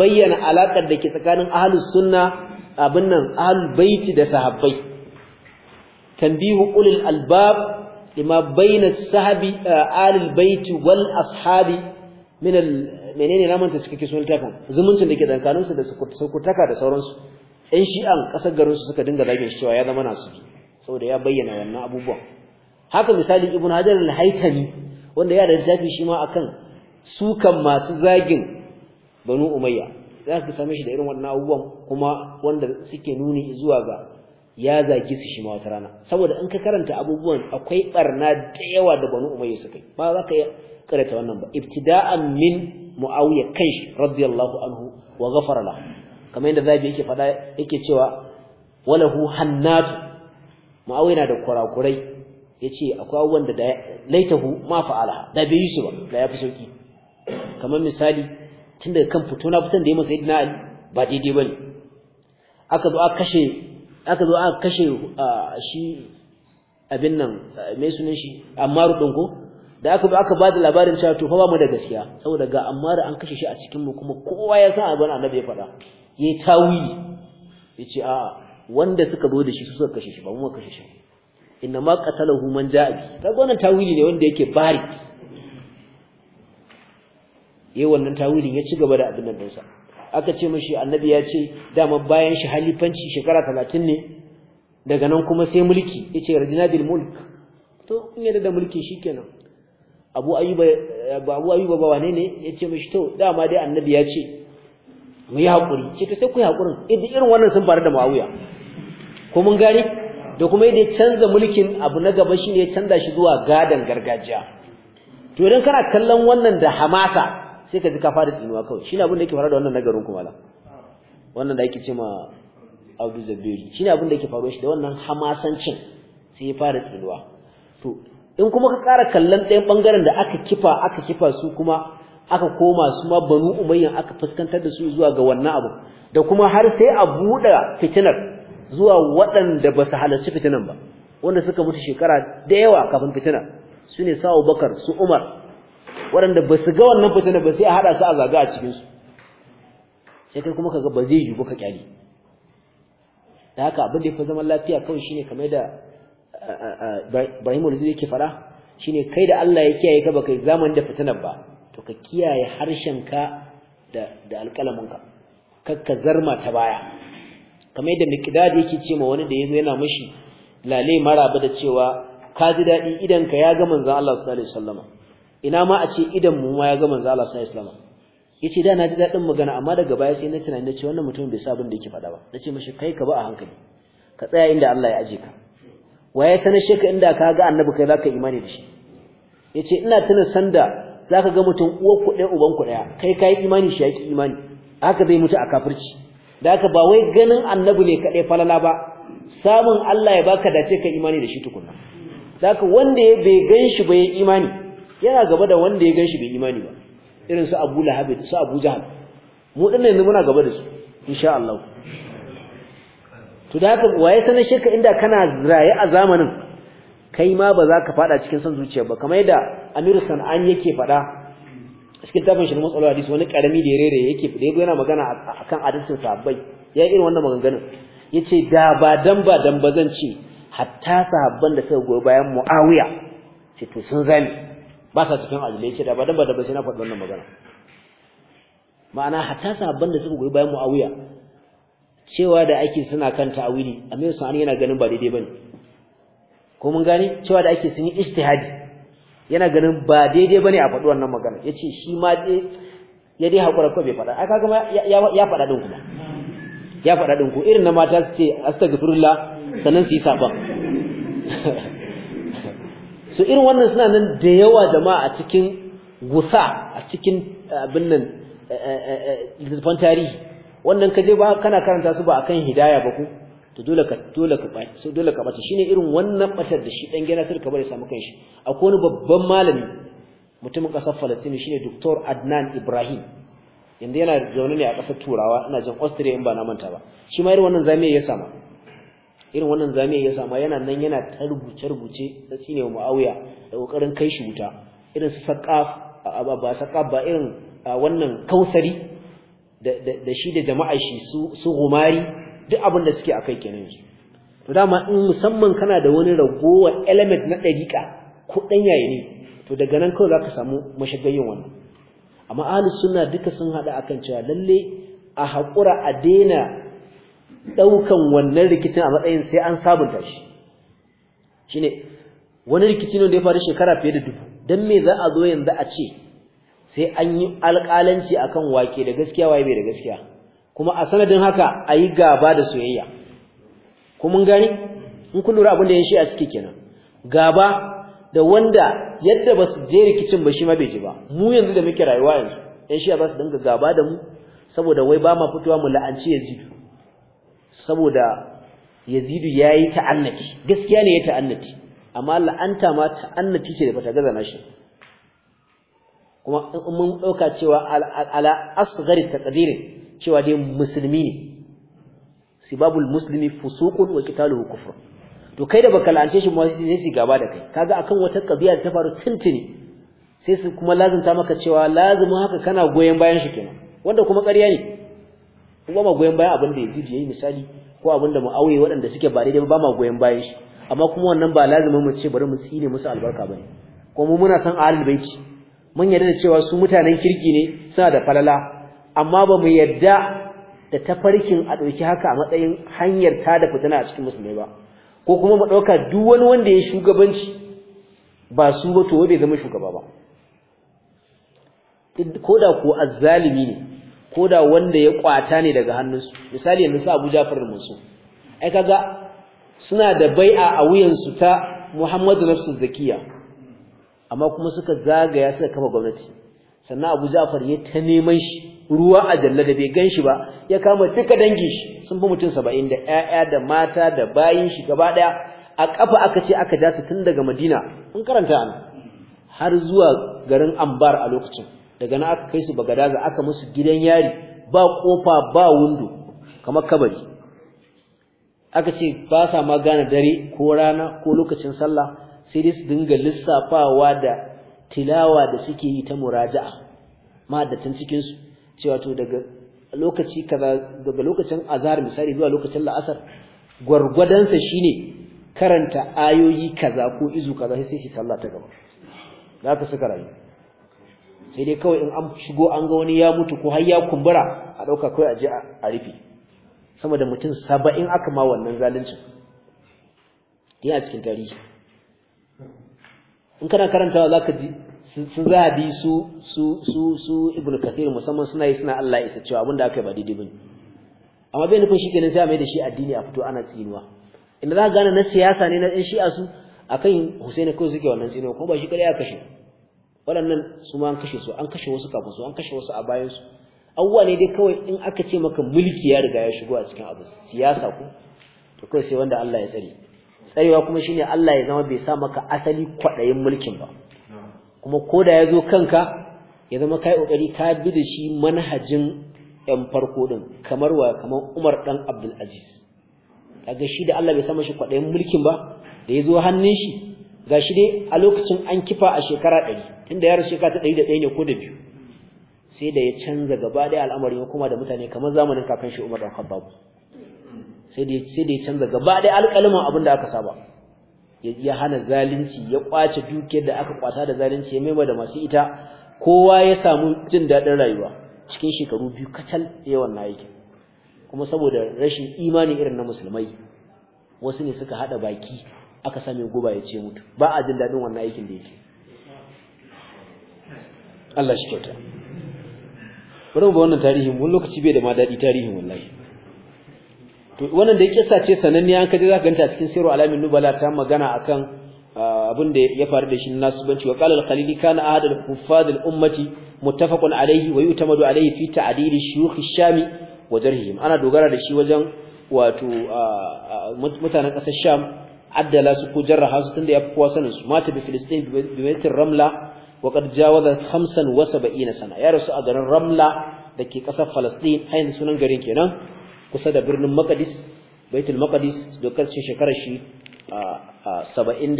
bayyana alakar da ke tsakanin ahlus sunna abin nan ahlul baiti da sahabbai tanbihu ulil albab lima bayna sahabi ahlul baiti wal ashabi min al menene namanta suke so littafin zumuncin da ke tsakanin su da sukurtaka da sauransu ɗan shi'an ƙasar garin su suka dinga zagin shi cewa ya zama nasu saboda ya bayyana wannan abubuwan haka misali na hajar al-haytami wanda ya da littafi shi ma akan sukan masu zagin banu umayya za ka same shi da irin wannan abubuwan kuma wanda suke nuni zuwa ga ya zagi su shi ma wata rana saboda in ka karanta abubuwan akwai barna da yawa da banu umayya suka yi ba za ka iya karanta wannan ba ibtida'an min muawiya kai radiyallahu anhu wa ghafara lahu kamar yadda zabi yake fada yake cewa walahu hannatu Mu'awiyah na da kurakurai yace akwai wanda da laitahu ma fa'ala da bai yi su ba da yafi sauki kamar misali tun daga kan fito na fitan da yayin sayyidina ali ba daidai bane aka zo aka kashe aka zo aka kashe ah, shi abin nan ah, mai sunan shi amma rudin ko da aka aka ba da labarin cewa to fa ba mu da gaskiya saboda ga amma da an kashe shi a cikin mu kuma kowa ya san abin annabi ya faɗa yayi tawili yace a wanda suka zo da shi su suka kashe shi ba mu kashe shi inna ma qatalahu man ja'a bi kaga wannan tawili ne wanda yake bari yayi wannan tawilin ya ci gaba da abin nan sa aka ce mishi annabi ya ce dama bayan shi halifanci shekara 30 ne daga nan kuma sai mulki yace radina bil mulk to in yadda da mulki shikenan abu ayyuba abu ayyuba ba wane ne yace mishi to dama dai annabi ya ce mu yi hakuri ce ka sai ku yi hakurin idan irin wannan sun faru da muawiya ko mun gane da kuma yadda ya canza mulkin abu na gaba shine ya canza shi zuwa gadan gargajiya to idan kana kallon wannan da hamasa sai ka ji ka fara tsinuwa kawai shine abin da yake faru da wannan nagarin kuma wannan da yake cewa Abu Zabiri shine abin da yake faruwa shi da wannan hamasancin sai ya fara tsinuwa to in kuma ka ƙara kallon ɗayan ɓangaren da aka kifa aka kifa su kuma aka koma su ma banu umayyan aka fuskantar da su zuwa ga wannan abu da kuma har sai a buɗe fitinar zuwa waɗanda ba su halarci fitinan ba wanda suka mutu shekara da yawa kafin fitinar su ne sa'u bakar su umar waɗanda ba su ga wannan fitinar ba sai a haɗa su a zaga a cikinsu sai kai kuma ga ba zai yiwu ka kyale da haka abin da ya fi zaman lafiya kawai shine kamar da Ibrahim al yake fara shine kai da Allah ya kiyaye ka baka zamani da fitinar ba to ka kiyaye harshenka da da alƙalaminka kakka zarma ta baya kamar yadda miqdad yake ce ma wani da yazo yana mishi lale maraba da cewa ka ji dadi idan ka ya ga manzon Allah sallallahu alaihi ina ma a ce idan mu ma ya ga manzon Allah sallallahu alaihi wasallam yace da na ji daɗin magana amma daga baya sai na tunani na ce wannan mutum bai sa abin da yake faɗa ba nace mishi kai ka ba a hankali ka tsaya inda Allah ya aje ka waye sanar shi ka inda ka ga annabi kai zaka imani da shi yace ina tana sanda zaka ga mutum uwar ku ɗaya uban ku ɗaya kai kai imani shi yake imani haka zai mutu a kafirci da haka ba wai ganin annabi ne kadai falala ba samun Allah ya baka dace ka imani da shi tukunna zaka wanda ya bai ganshi ba ya imani yana gaba da wanda ya ganshi bai imani ba irin su Abu Lahab su Abu Jahal mu dinne muna gaba da su insha Allah to da haka waye sanin shirka inda kana raye a zamanin kai ma ba za ka fada cikin son zuciya ba kamar yadda Amiru San'an yake fada cikin tafin shi mutsalo hadisi wani karami da rere yake fada yana magana akan adalcin sahabbai ya irin wannan maganganun yace da ba dan ba dan bazan ce hatta sahabban da suka goyi bayan Muawiya ce to sun zani ba sa cikin azumi yace da ba dan ba dan ba sai na faɗi wannan magana ma'ana hatta sahabban da suka goyi bayan Muawiya cewa da ake suna kan ta'awili amma sun yana ganin ba daidai bane ko mun gane cewa da ake sun yi ijtihadi yana ganin ba daidai bane a faɗi wannan magana yace shi ma dai ya dai hakura ko bai faɗa ai kaga ya faɗa din kuma ya faɗa din ku irin na mata su ce astaghfirullah sannan su yi saban so irin wannan suna nan da yawa jama'a a cikin gusa a cikin eh, abin nan eh, eh, littattafan tarihi wannan kaje ba kana karanta su ba akan hidaya ba ku to dole ka dole ka ba so dole ka bata shine irin wannan batar da shi dan gina sir ka bari samu kanshi akwai wani babban malami mutumin kasar Palestine shine Dr. Adnan Ibrahim inda yana zaune ne a kasar Turawa ina jin Austria in ba na manta ba shi ma irin wannan zamiya ya sama irin wannan zamiya ya sama yana nan yana ta rubuce rubuce da shine Muawiya da kokarin kai shi wuta irin su saqaf ba saqaf ba irin wannan kausari da shi da jama'a shi su gumari duk abin da suke akai kenan yanzu to dama in musamman kana da wani ragowar element na dariƙa ko dan yayi ne to daga nan kawai zaka samu mashagayin wannan amma ahlus sunna duka sun hada akan cewa lalle a haƙura a daina daukan wannan rikicin a matsayin sai an sabunta shi shine wani rikici ne da ya faru shekara fiye da dubu dan me za a zo yanzu a ce sai an yi alƙalanci akan wake da gaskiya waye bai da gaskiya kuma a sanadin haka ayi gaba da soyayya Kuma mun gani in kun lura abin ya shi a ciki kenan gaba da wanda yadda ba su je rikicin ba shi ma bai ji ba mu yanzu da muke rayuwa yanzu ɗan shi ba su dinga gaba da mu saboda wai ba ma fitowa mu la'anci yazidu saboda yazidu yayi ta'annati gaskiya ne ya ta'annati amma la'anta ma ta'annati ce da bata gaza na shi kuma in mun dauka cewa ala asghari taqdiri cewa dai musulmi ne sibabul muslimi fusuqun wa qitaluhu kufr to kai da baka lance shi mawasi ne su gaba da kai kaga akan wata qadiya da ta faru tuntuni sai su kuma ta maka cewa lazumin haka kana goyen bayan shi kenan wanda kuma ƙarya ne kuma ma goyen bayan abin da yaji yayi misali ko abin da aure waɗanda suke ba daidai ba ma goyen bayan shi amma kuma wannan ba lazumin mu ce bari mu tsine musu albarka bane ko mu muna san ahlul baiti mun yarda cewa su mutanen kirki ne suna da falala amma ba mu yarda da tafarkin a ɗauki haka a matsayin hanyar ta da fitina a cikin musulmai ba ko kuma mu ɗauka duk wani wanda ya shugabanci ba su ba to bai zama shugaba ba ko da ko azzalimi ne ko da wanda ya kwata ne daga hannunsu misali yanzu su Abu Ja'far musu ai kaga suna da bai'a a wuyansu ta Muhammadu nafsu zakiya amma kuma suka zagaya suka kafa gwamnati sannan Abu Ja'far ya ta neman shi ruwa a jalla da bai gan shi ba ya kama duka dangi shi sun bi mutum 70 da ƴaƴa da mata da bayin shi gaba ɗaya. a kafa aka ce aka ja tun daga Madina in karanta ana. har zuwa garin Ambar a lokacin daga nan aka kai su Bagadaza aka musu gidan yari ba kofa ba windo kamar kabari aka ce ba sa ma gane dare ko rana ko lokacin sallah sai dai su dinga lissafawa da tilawa da suke yi ta muraja'a ma'addatan cikin su cewa to daga lokaci kaza daga lokacin azhar misali zuwa lokacin la'asar gwargwadon sa shine karanta ayoyi kaza ko izu kaza sai shi sallah ta gaba za ka saka rayu sai dai kawai in an shigo an ga wani ya mutu ko har ya kumbura a dauka kawai a je a rufe sama da mutum saba'in aka ma wannan zaluncin a cikin tarihi in kana karantawa ka ji su zabi su su su su ibn kathir musamman suna yi suna Allah isa cewa abinda aka yi ba daidai bane amma bai nufin shi kenan sai a mai da shi addini a fito ana tsinuwa inda za ka gane na siyasa ne na ɗan shi'a su akan Husaini kawai suke wannan tsinuwa kuma ba shi kare ya kashe waɗannan su ma an kashe su an kashe wasu kafin su an kashe wasu a bayan su abubuwa ne dai kawai in aka ce maka mulki ya riga ya shigo a cikin abu siyasa ko to kawai sai wanda Allah ya tsare tsarewa kuma shine Allah ya zama bai sa maka asali kwadayin mulkin ba kuma koda ya zo kanka ya zama kai kokari ka bi da shi manhajin yan farko din kamar wa kamar Umar dan Abdul Aziz kaga shi da Allah bai sa mashi kwadayin mulkin ba da ya zo hannun shi gashi dai a lokacin an kifa a shekara 100 tunda ya rasu ka ta 101 ne ko da biyu sai da ya canza gaba da al'amari kuma da mutane kamar zamanin kakan shi Umar dan Khattab sai da sai da canza gaba ɗaya alƙalman abin da aka saba ya hana zalunci ya kwace dukiyar da aka kwata da zalunci ya maimaita da masu ita kowa ya samu jin daɗin rayuwa cikin shekaru biyu kacal yawan na yake kuma saboda rashin imani irin na musulmai wasu ne suka hada baki aka same guba ya ce mutu ba a jin daɗin wannan aikin da yake Allah shi kyauta bari mu ba wannan tarihi mun lokaci bai da ma daɗi tarihin wallahi to wannan da kissa ce sananniya an kaje za ka ganta cikin sirru alamin nubala ta magana akan abin da ya faru da shi nasubanci wa qala al-khalili kana ahad al-huffaz al-ummati muttafaqun alayhi wa yu'tamadu alayhi fi ta'dil shuyukh ash-shami wa jarhihim ana dogara da shi wajen wato mutanen kasar sham addala su ko jarraha su tunda ya fi kowa sanin su mata bi filistin bi baitin ramla wa qad jawaza 75 sana ya rasu a garin ramla da ke kasar falastin hayin sunan garin kenan kusa da birnin Makadis, Baitul Makadis, dokar ce shekarar shi a 75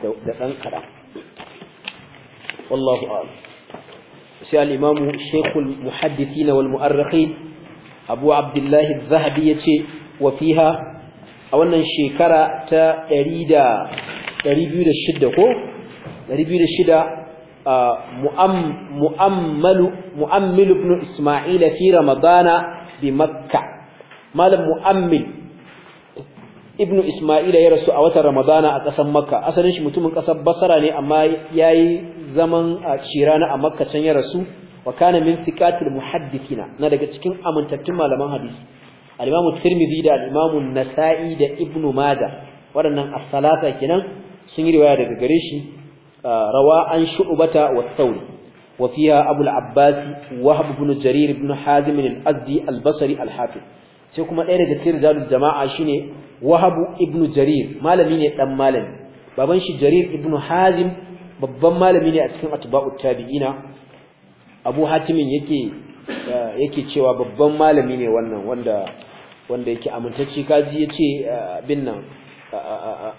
da ɗan kada wallahu a'lam sai al-imam shaykhul muhaddithin wal mu'arrikhin Abu Abdullahi az-Zahabi yace wa fiha a wannan shekara ta 100 206 ko 206 مؤمل مؤمل بن إسماعيل fi Ramadana. makka malam mu'ammil ibnu isma'ila ya rasu a watan ramadana a ƙasar makka asalin shi mutumin ƙasar basara ne amma ya yi zaman a cirana a makka can ya rasu wa kana min thiqatil muhaddithina na daga cikin amintattun malaman hadisi al-imamu tirmidhi da al-imamu nasa'i da ibnu maja waɗannan as-salasa kenan sun yi riwaya daga gare shi rawa an shu'bata wa thawri وفيها أبو العباس وهب بن جرير بن حازم الأزدي البصري الحافظ sai kuma ɗaya daga cikin rijalul jama'a shine Wahabu ibn Jarir malami ne dan malami Babanshi Jarir ibn Hazim babban malami ne a cikin atba'ut tabi'ina Abu Hatimin yake yake cewa babban malami ne wannan wanda wanda yake amintacce kaji yace bin nan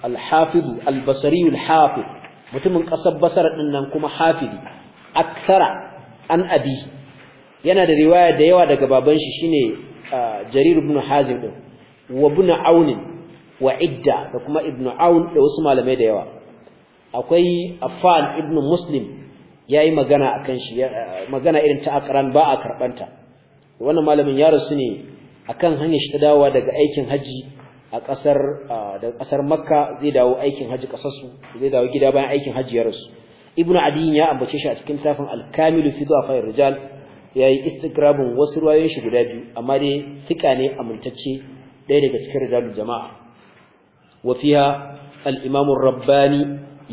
al-Hafiz al mutumin ƙasar Basra din nan kuma hafizi Aksara, an abi yana da riwaya da yawa daga baban shi shine jarir ibn hazim din wa ibn aun wa idda da kuma ibn aun da wasu malamai da yawa akwai affan ibn muslim yayi magana akan shi magana irin ta akran ba a karbanta wannan malamin ya rasu ne akan hanyar shi ta dawowa daga aikin haji a kasar da kasar makka zai dawo aikin haji su zai dawo gida bayan aikin haji ya rasu ibnu adiyin ya ambace shi a cikin tafin al-kamilu fi du'afa rijal yayi istigrabun wasu ruwayoyin shi guda biyu amma dai sika ne amintacce ɗaya daga cikin rijalul jama'a wa fiha al-imam ar-rabbani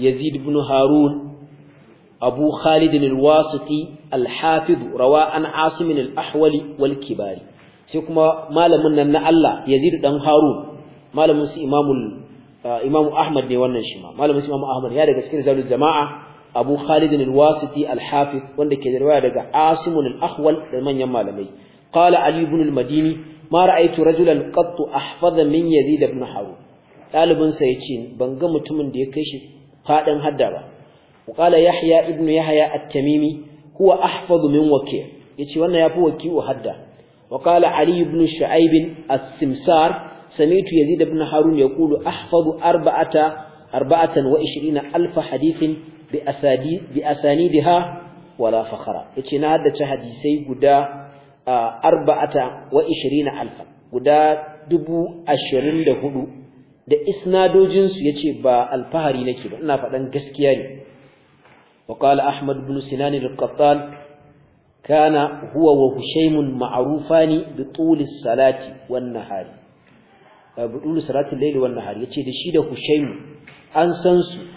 yazid ibn harun abu khalid al-wasiti al-hafiz rawa an asim al-ahwali wal kibari sai kuma malamin nan na Allah yazid dan harun malamin su imamul imamu ahmad ne wannan shi ma malamin su imamu ahmad ya daga cikin rijalul jama'a Abu Khalid al-Wasiti al-Hafiz wanda ke riwaya daga Asim al-Akhwal da manyan malamai qala Ali ibn al-Madini ma ra'aytu rajulan qatt ahfaza min Yazid ibn Harun dalibin sa yace ban ga mutumin da ya kai shi fadin hadda ba qala Yahya ibn Yahya at-Tamimi huwa ahfazu min Waki' yace wannan yafi Waki'u hadda wa qala Ali ibn Shu'aib as-Simsar سمعت Harun ya هارون يقول أحفظ أربعة أربعة وعشرين ألف حديث bi asani bi asanidiha wala fakhara yace na haddace hadisai guda 24 wa 20 alfa guda ashirin da isnadojinsu su yace ba alfahari nake ba ina faɗan gaskiya ne وقال أحمد بن سنان القطان كان هو وهشيم معروفان بطول الصلاة والنهار بطول صلاة الليل والنهار يتي دشي هشيم أنسانسو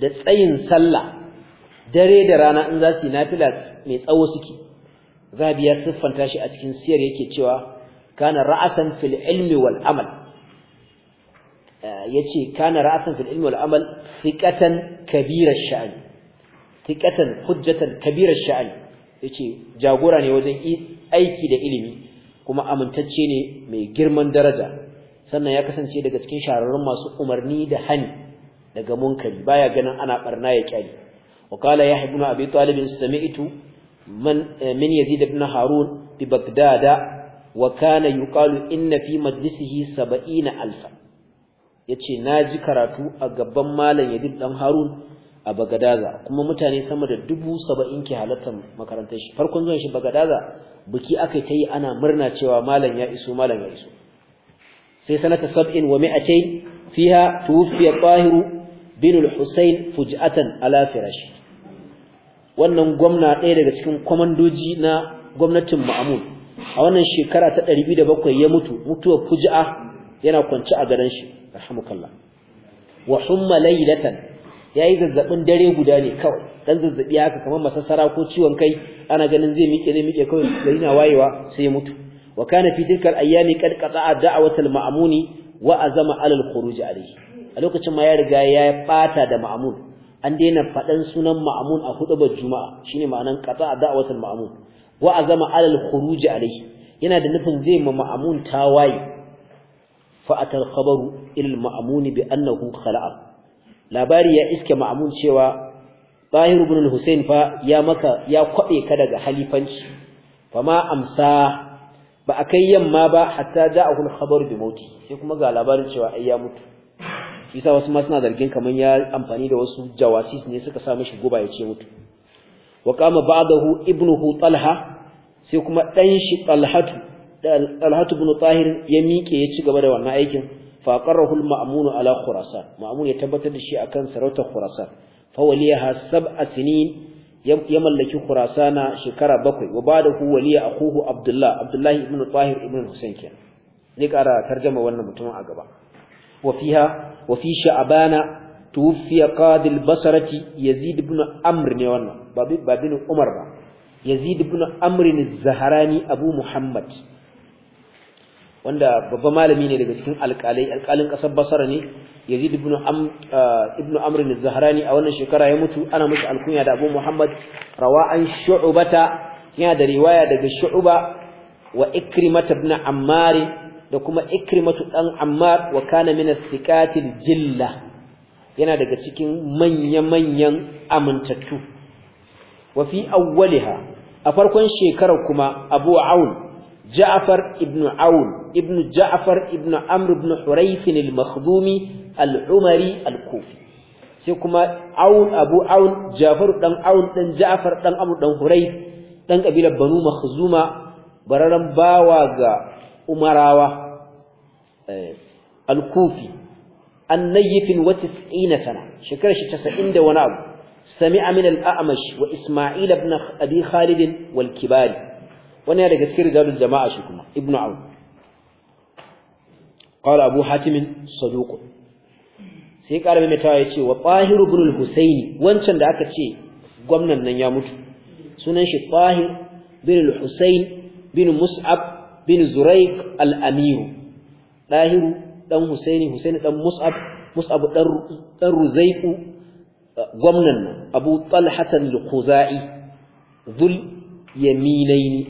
da tsayin sallah dare da rana in za su yi nafila mai tsawo suke zabi ya siffanta shi a cikin siyar yake cewa kana ra'asan fil ilmi wal amal yace kana ra'asan fil ilmi wal amal thiqatan kabira sha'an thiqatan hujjatan kabira sha'an yace jagora ne wajen aiki da ilimi kuma amintacce ne mai girman daraja sannan ya kasance daga cikin shahararrun masu umarni da hani daga munkari baya ganin ana barna ya kyali wa qala yahya ibn abi talib sami'tu man eh, min yazid ibn harun bi baghdad wa kana yuqalu inna fi majlisihi 70 alfa yace naji karatu a gaban malam yazid dan harun a bagadaza kuma mutane sama da dubu saba'in ke halartar makarantar shi farkon zuwan shi bagadaza biki aka ta yi ana murna cewa malam ya iso malam ya iso sai sanata sab'in wa mi'atain fiha tuwfiya tahiru bin al-Husayn fuj'atan ala firash wannan gwamna ɗaya daga cikin komandoji na gwamnatin Ma'mun a wannan shekara ta 207 ya mutu mutuwar fuji'a yana kwance a garin shi rahmukallah wa humma laylatan yayi zazzabin dare guda ne kawai dan zazzabi haka kamar masassara ko ciwon kai ana ganin zai miƙe zai miƙe kawai gari na wayewa sai ya mutu wa kana fi tilkal ayyami qad qata'a da'watal ma'muni wa azama alal khuruj alayhi a lokacin ma ya riga ya bata da ma'mun an daina fadan sunan ma'mun a hudubar juma'a shine ma'anan qata da'watul ma'mun wa azama alal khuruj alayhi yana da nufin zai ma ma'mun tawaye fa atal khabaru il ma'mun bi annahu khala'a labari ya iske ma'mun cewa Tahir ibn al-Husayn fa ya maka ya kwabe ka daga halifanci ma amsa ba a kai yamma ba hatta ja'ahu al-khabar bi mauti sai kuma ga labarin cewa ai ya mutu Isa wasu ma suna zargin kaman ya amfani da wasu jawasis ne suka sa mishi guba ya ce mutu wa qama ba'dahu ibnuhu talha sai kuma dan shi talhatu talhatu ibn tahir ya miƙe ya ci gaba da wannan aikin fa qarrahu al-ma'mun ala khurasan ma'mun ya tabbatar da shi akan sarautar khurasan fa waliyaha sab'a sinin ya mallaki khurasana shekara bakwai wa ba'dahu waliya akuhu abdullah abdullahi ibn tahir ibn husayn ne kara tarjama wannan mutumin a gaba وفيها وفي شعبان توفي قاضي البصرة يزيد بن أمر نيوانا بابن عمر يزيد بن أمر الزهراني أبو محمد wanda babba malami ne daga cikin alƙalai alƙalin ƙasar Basra ne Yazid ibn Am ibn Amr zahrani a wannan shekara ya mutu ana masa alkunya da Abu Muhammad rawa an Shu'bata yana da riwaya daga Shu'ba wa ikrimata ibn Ammar da kuma ikrimatu dan ammar wa kana min as-sikatil jilla yana daga cikin manya-manyan amintattu wa fi awwaliha a farkon shekarar kuma Abu Aun Ja'far ibn Aun ibn Ja'far ibn Amr ibn Hurayf al-Makhdumi al-Umari al-Kufi sai kuma Aun Abu Aun Ja'far dan Aun dan Ja'far dan Amr dan Hurayf dan kabilar Banu Makhzuma bararran bawa ga Umarawa Eh, al-kufi annayif wa 90 da wani abu sami'a min al-a'mash wa isma'il ibn abi khalid wal-kibari wannan Sai cikin rijalul jama'a قال أبو حاتم صدوق ya ce wa tahir ibn al wancan da aka ce gwamnan nan ya mutu sunan shi tahir bin bin mus'ab bin al-amir Ɗahiru, ɗan husaini husaini dan mus'ab mus'ab dan dan ruzaiku gwamnan nan abu talhatan al-khuzai yaminaini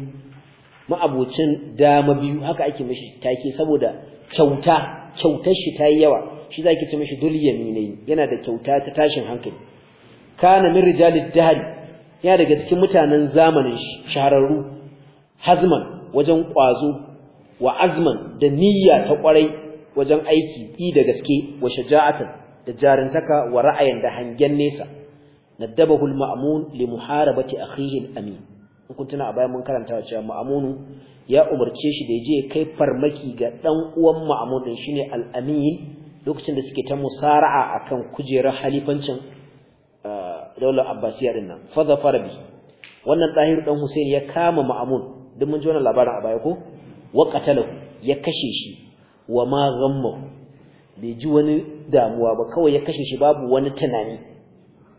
ma'abucin dama biyu haka ake mishi take saboda kyauta kyautar shi tayi yawa shi zaki ce mishi dhul yaminaini yana da kyauta ta tashin hankali kana min rijalid dahari, ya daga cikin mutanen zamanin shi shahararru hazman wajen ƙwazo. wa azman da niyya ta kwarai wajen aiki yi da gaske wa shaja'atan da jarintaka wa ra'ayin da hangen nesa naddabahu al-ma'mun li muharabati akhihi al-amin in kun tuna a bayan mun karanta cewa ma'munu ya umarce shi da je ya kai farmaki ga dan uwan ma'mun din shine al-amin lokacin da suke ta musara'a akan kujerar halifancin daular abbasiyya din nan fa zafara bi wannan dahiru dan husaini ya kama ma'mun duk mun ji wannan labarin a baya ko wa ya kashe shi wa ma ghammahu bai ji wani damuwa ba kawai ya kashe shi babu wani tunani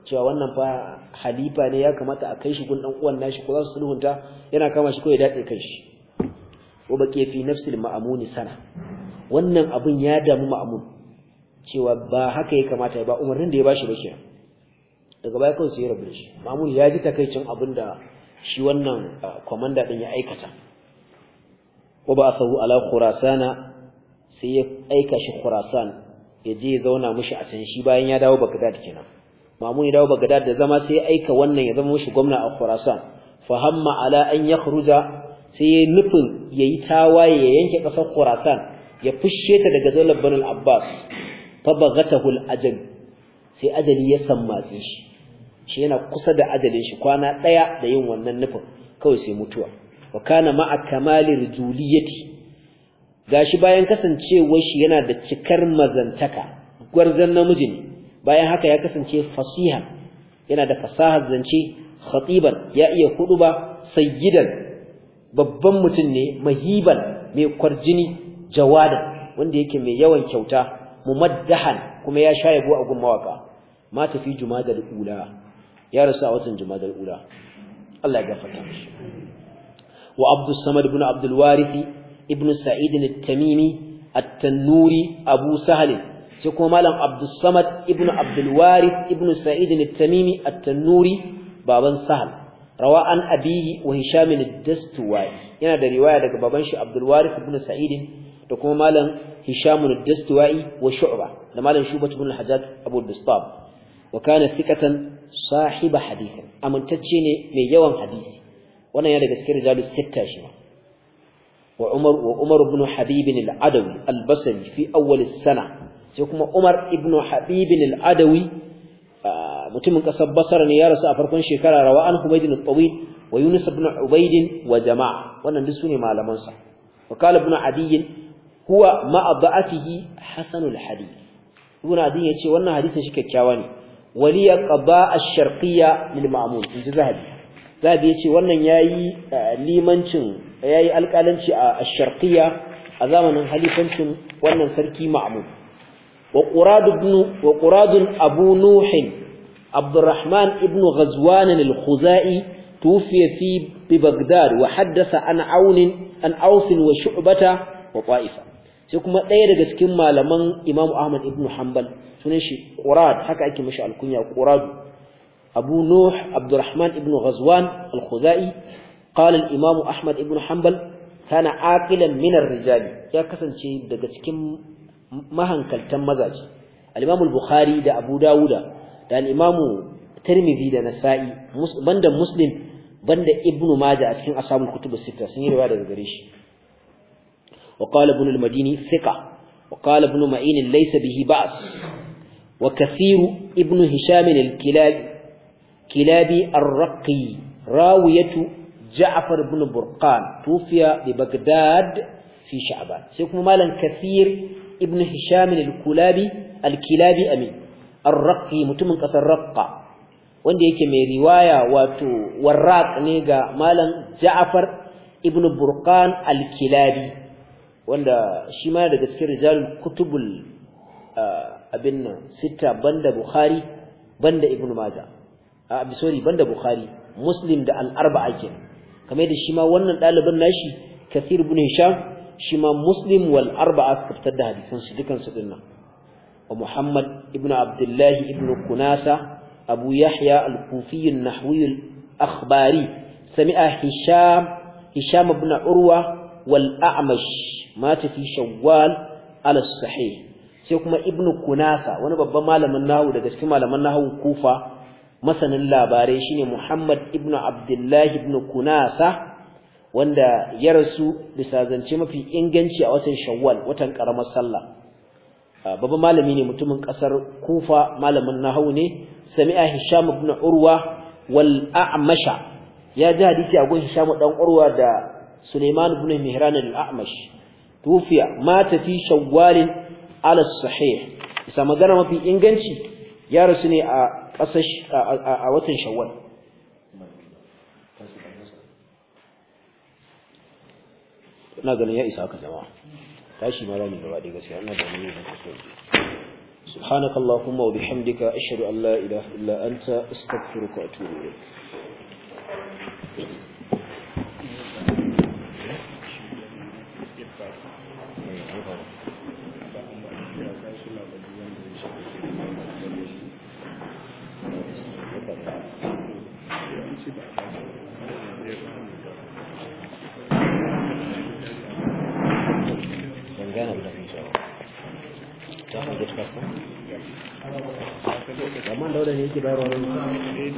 cewa wannan fa halifa ne ya kamata a kai shi gun dan uwan nashi ko za su sulhunta yana kama shi ko ya dade kai shi wa baqi fi nafsil ma'amuni sana wannan abin ya damu ma'mun cewa ba haka ya kamata ba umarnin da ya bashi ba daga baya kawai sai ya rubuce ma'mun ya ji takaicin abin da shi wannan ah, commander din ya aikata wa sahu ala khurasana sai ya aika shi khurasan ya je ya zauna mushi a can shi bayan ya dawo bagdad kenan mamun ya dawo bagdad da zama sai ya aika wannan ya zama mushi gwamna a khurasan fa hamma ala an yakhruja sai ya nufin yayi tawaye ya yanke kasar khurasan ya fushe ta daga daular banul abbas fa baghatahu al ajal sai ajali ya sammatse shi shi yana kusa da ajalin shi kwana ɗaya da yin wannan nufin kawai sai mutuwa wa kana ma'a kamali gashi bayan kasancewar shi yana da cikar mazantaka gwarzan namiji bayan haka ya kasance fasihan yana da fasahar zance khatiban ya iya huduba sayyidan babban mutum ne mahiban mai kwarjini jawada wanda yake mai yawan kyauta mumaddahan kuma ya sha yabo a gun mawaka ma tafi da ula ya rasu a juma'a da ula Allah ya gafarta mishi وعبد الصمد بن عبد الوارث ابن سعيد التميمي التنوري أبو سهل سيكون مالا عبد الصمد ابن عبد الوارث ابن سعيد التميمي التنوري بابا سهل روى عن أبيه وهشام الدستوائي هنا ده رواية ده بابنش عبد الوارث ابن سعيد تكون مالا هشام الدستوائي وشعبة ده مالا شوبة بن الحجاج أبو البسطام وكان ثقة صاحب حديث أمن تجيني من يوم حديث wannan ya daga cikin rijalu sitta shi ma wa Umar wa Umar ibn Habib al-Adawi al-Basri fi awwal sana sai kuma Umar ibn Habib al-Adawi mutumin kasar Basra ne ya rasu a farkon shekara rawa an Humayd al-Tawil wa Yunus ibn Ubayd wa jama'a wannan duk sune malaman sa wa qala ibn Adi huwa ma'a da'afihi hasanul hadith ibn Adi yace wannan hadisin shi kyakkyawa ne waliya qada ash-sharqiyya lil ma'mun in ji zahabi a yace wannan yayi limancin yayi alƙalanci a ash a zamanin halifancin wannan sarki ma'mun wa qurad abu Nuhin, abdurrahman ibn ghazwan al-khuzai tufiya fi bi bagdad wa haddatha an aun an wa shu'bata wa sai kuma ɗaya daga cikin malaman imamu ahmad ibn hanbal sunan shi ƙurad haka ake mashi alkunya ƙuradu. أبو نوح عبد الرحمن بن غزوان الخزائي قال الإمام أحمد بن حنبل كان عاقلا من الرجال يا كسن شيء دقتكم مهن كالتم مزاج الإمام البخاري دا أبو داود دا الإمام ترمذي دا نسائي بند مسلم بند ابن ماجه أتكين أصحاب الكتب الستة سنين رواية الغريش وقال ابن المديني ثقة وقال ابن معين ليس به بأس وكثير ابن هشام الكلاب كلابي الرقي راوية جعفر بن برقان توفي ببغداد في شعبان سيكون مالا كثير ابن هشام الكلابي الكلابي أمين الرقي mutumin ƙasar رقة wanda yake mai riwaya wato warraq ne ga malam Ja'far ibn burkan al-Kilabi wanda shi ma daga cikin rijalul kutubul ah, abin nan sita banda Bukhari banda Ibn Majah a sorry banda bukhari muslim da al-arba'a ke kamar yadda shi ma wannan ɗaliban nashi kathir ibn hisham shi ma muslim wal arba'a suka fitar da hadisan su dukan su dinnan wa muhammad ibn abdullahi ibn kunasa abu yahya al-kufi an-nahwi al-akhbari sami'a hisham hisham ibn urwa wal a'mash mata fi shawwal ala sahih sai kuma ibn kunasa wani babban malamin nahwu daga cikin malaman nahwu kufa masanin labarai shine Muhammad ibn Abdullah ibn Kunasa wanda ya rasu bisa zance mafi inganci a watan Shawwal watan karamar sallah ah, Baba malami ne mutumin kasar Kufa malamin nahau ne sami'a Hisham ibn Urwa wal A'masha ya ji hadisi a gun Hisham dan Urwa da Suleiman ibn Mihran al-A'mash tufiya mata fi Shawwal ala sahih isa magana mafi inganci ya rasu ne a ƙasar a watan shawwal ina ganin ya isa haka jama'a tashi ma rani gaba da gaskiya ina da ne da kuskure سبحانك اللهم وبحمدك أشهد أن لا إله إلا أنت أستغفرك وأتوب إليك Zaman dauda ne yake bayarwa nan. Eh,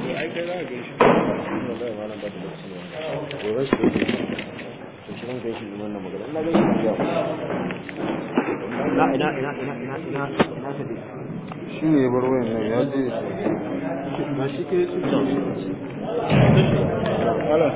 ne. ne Voilà.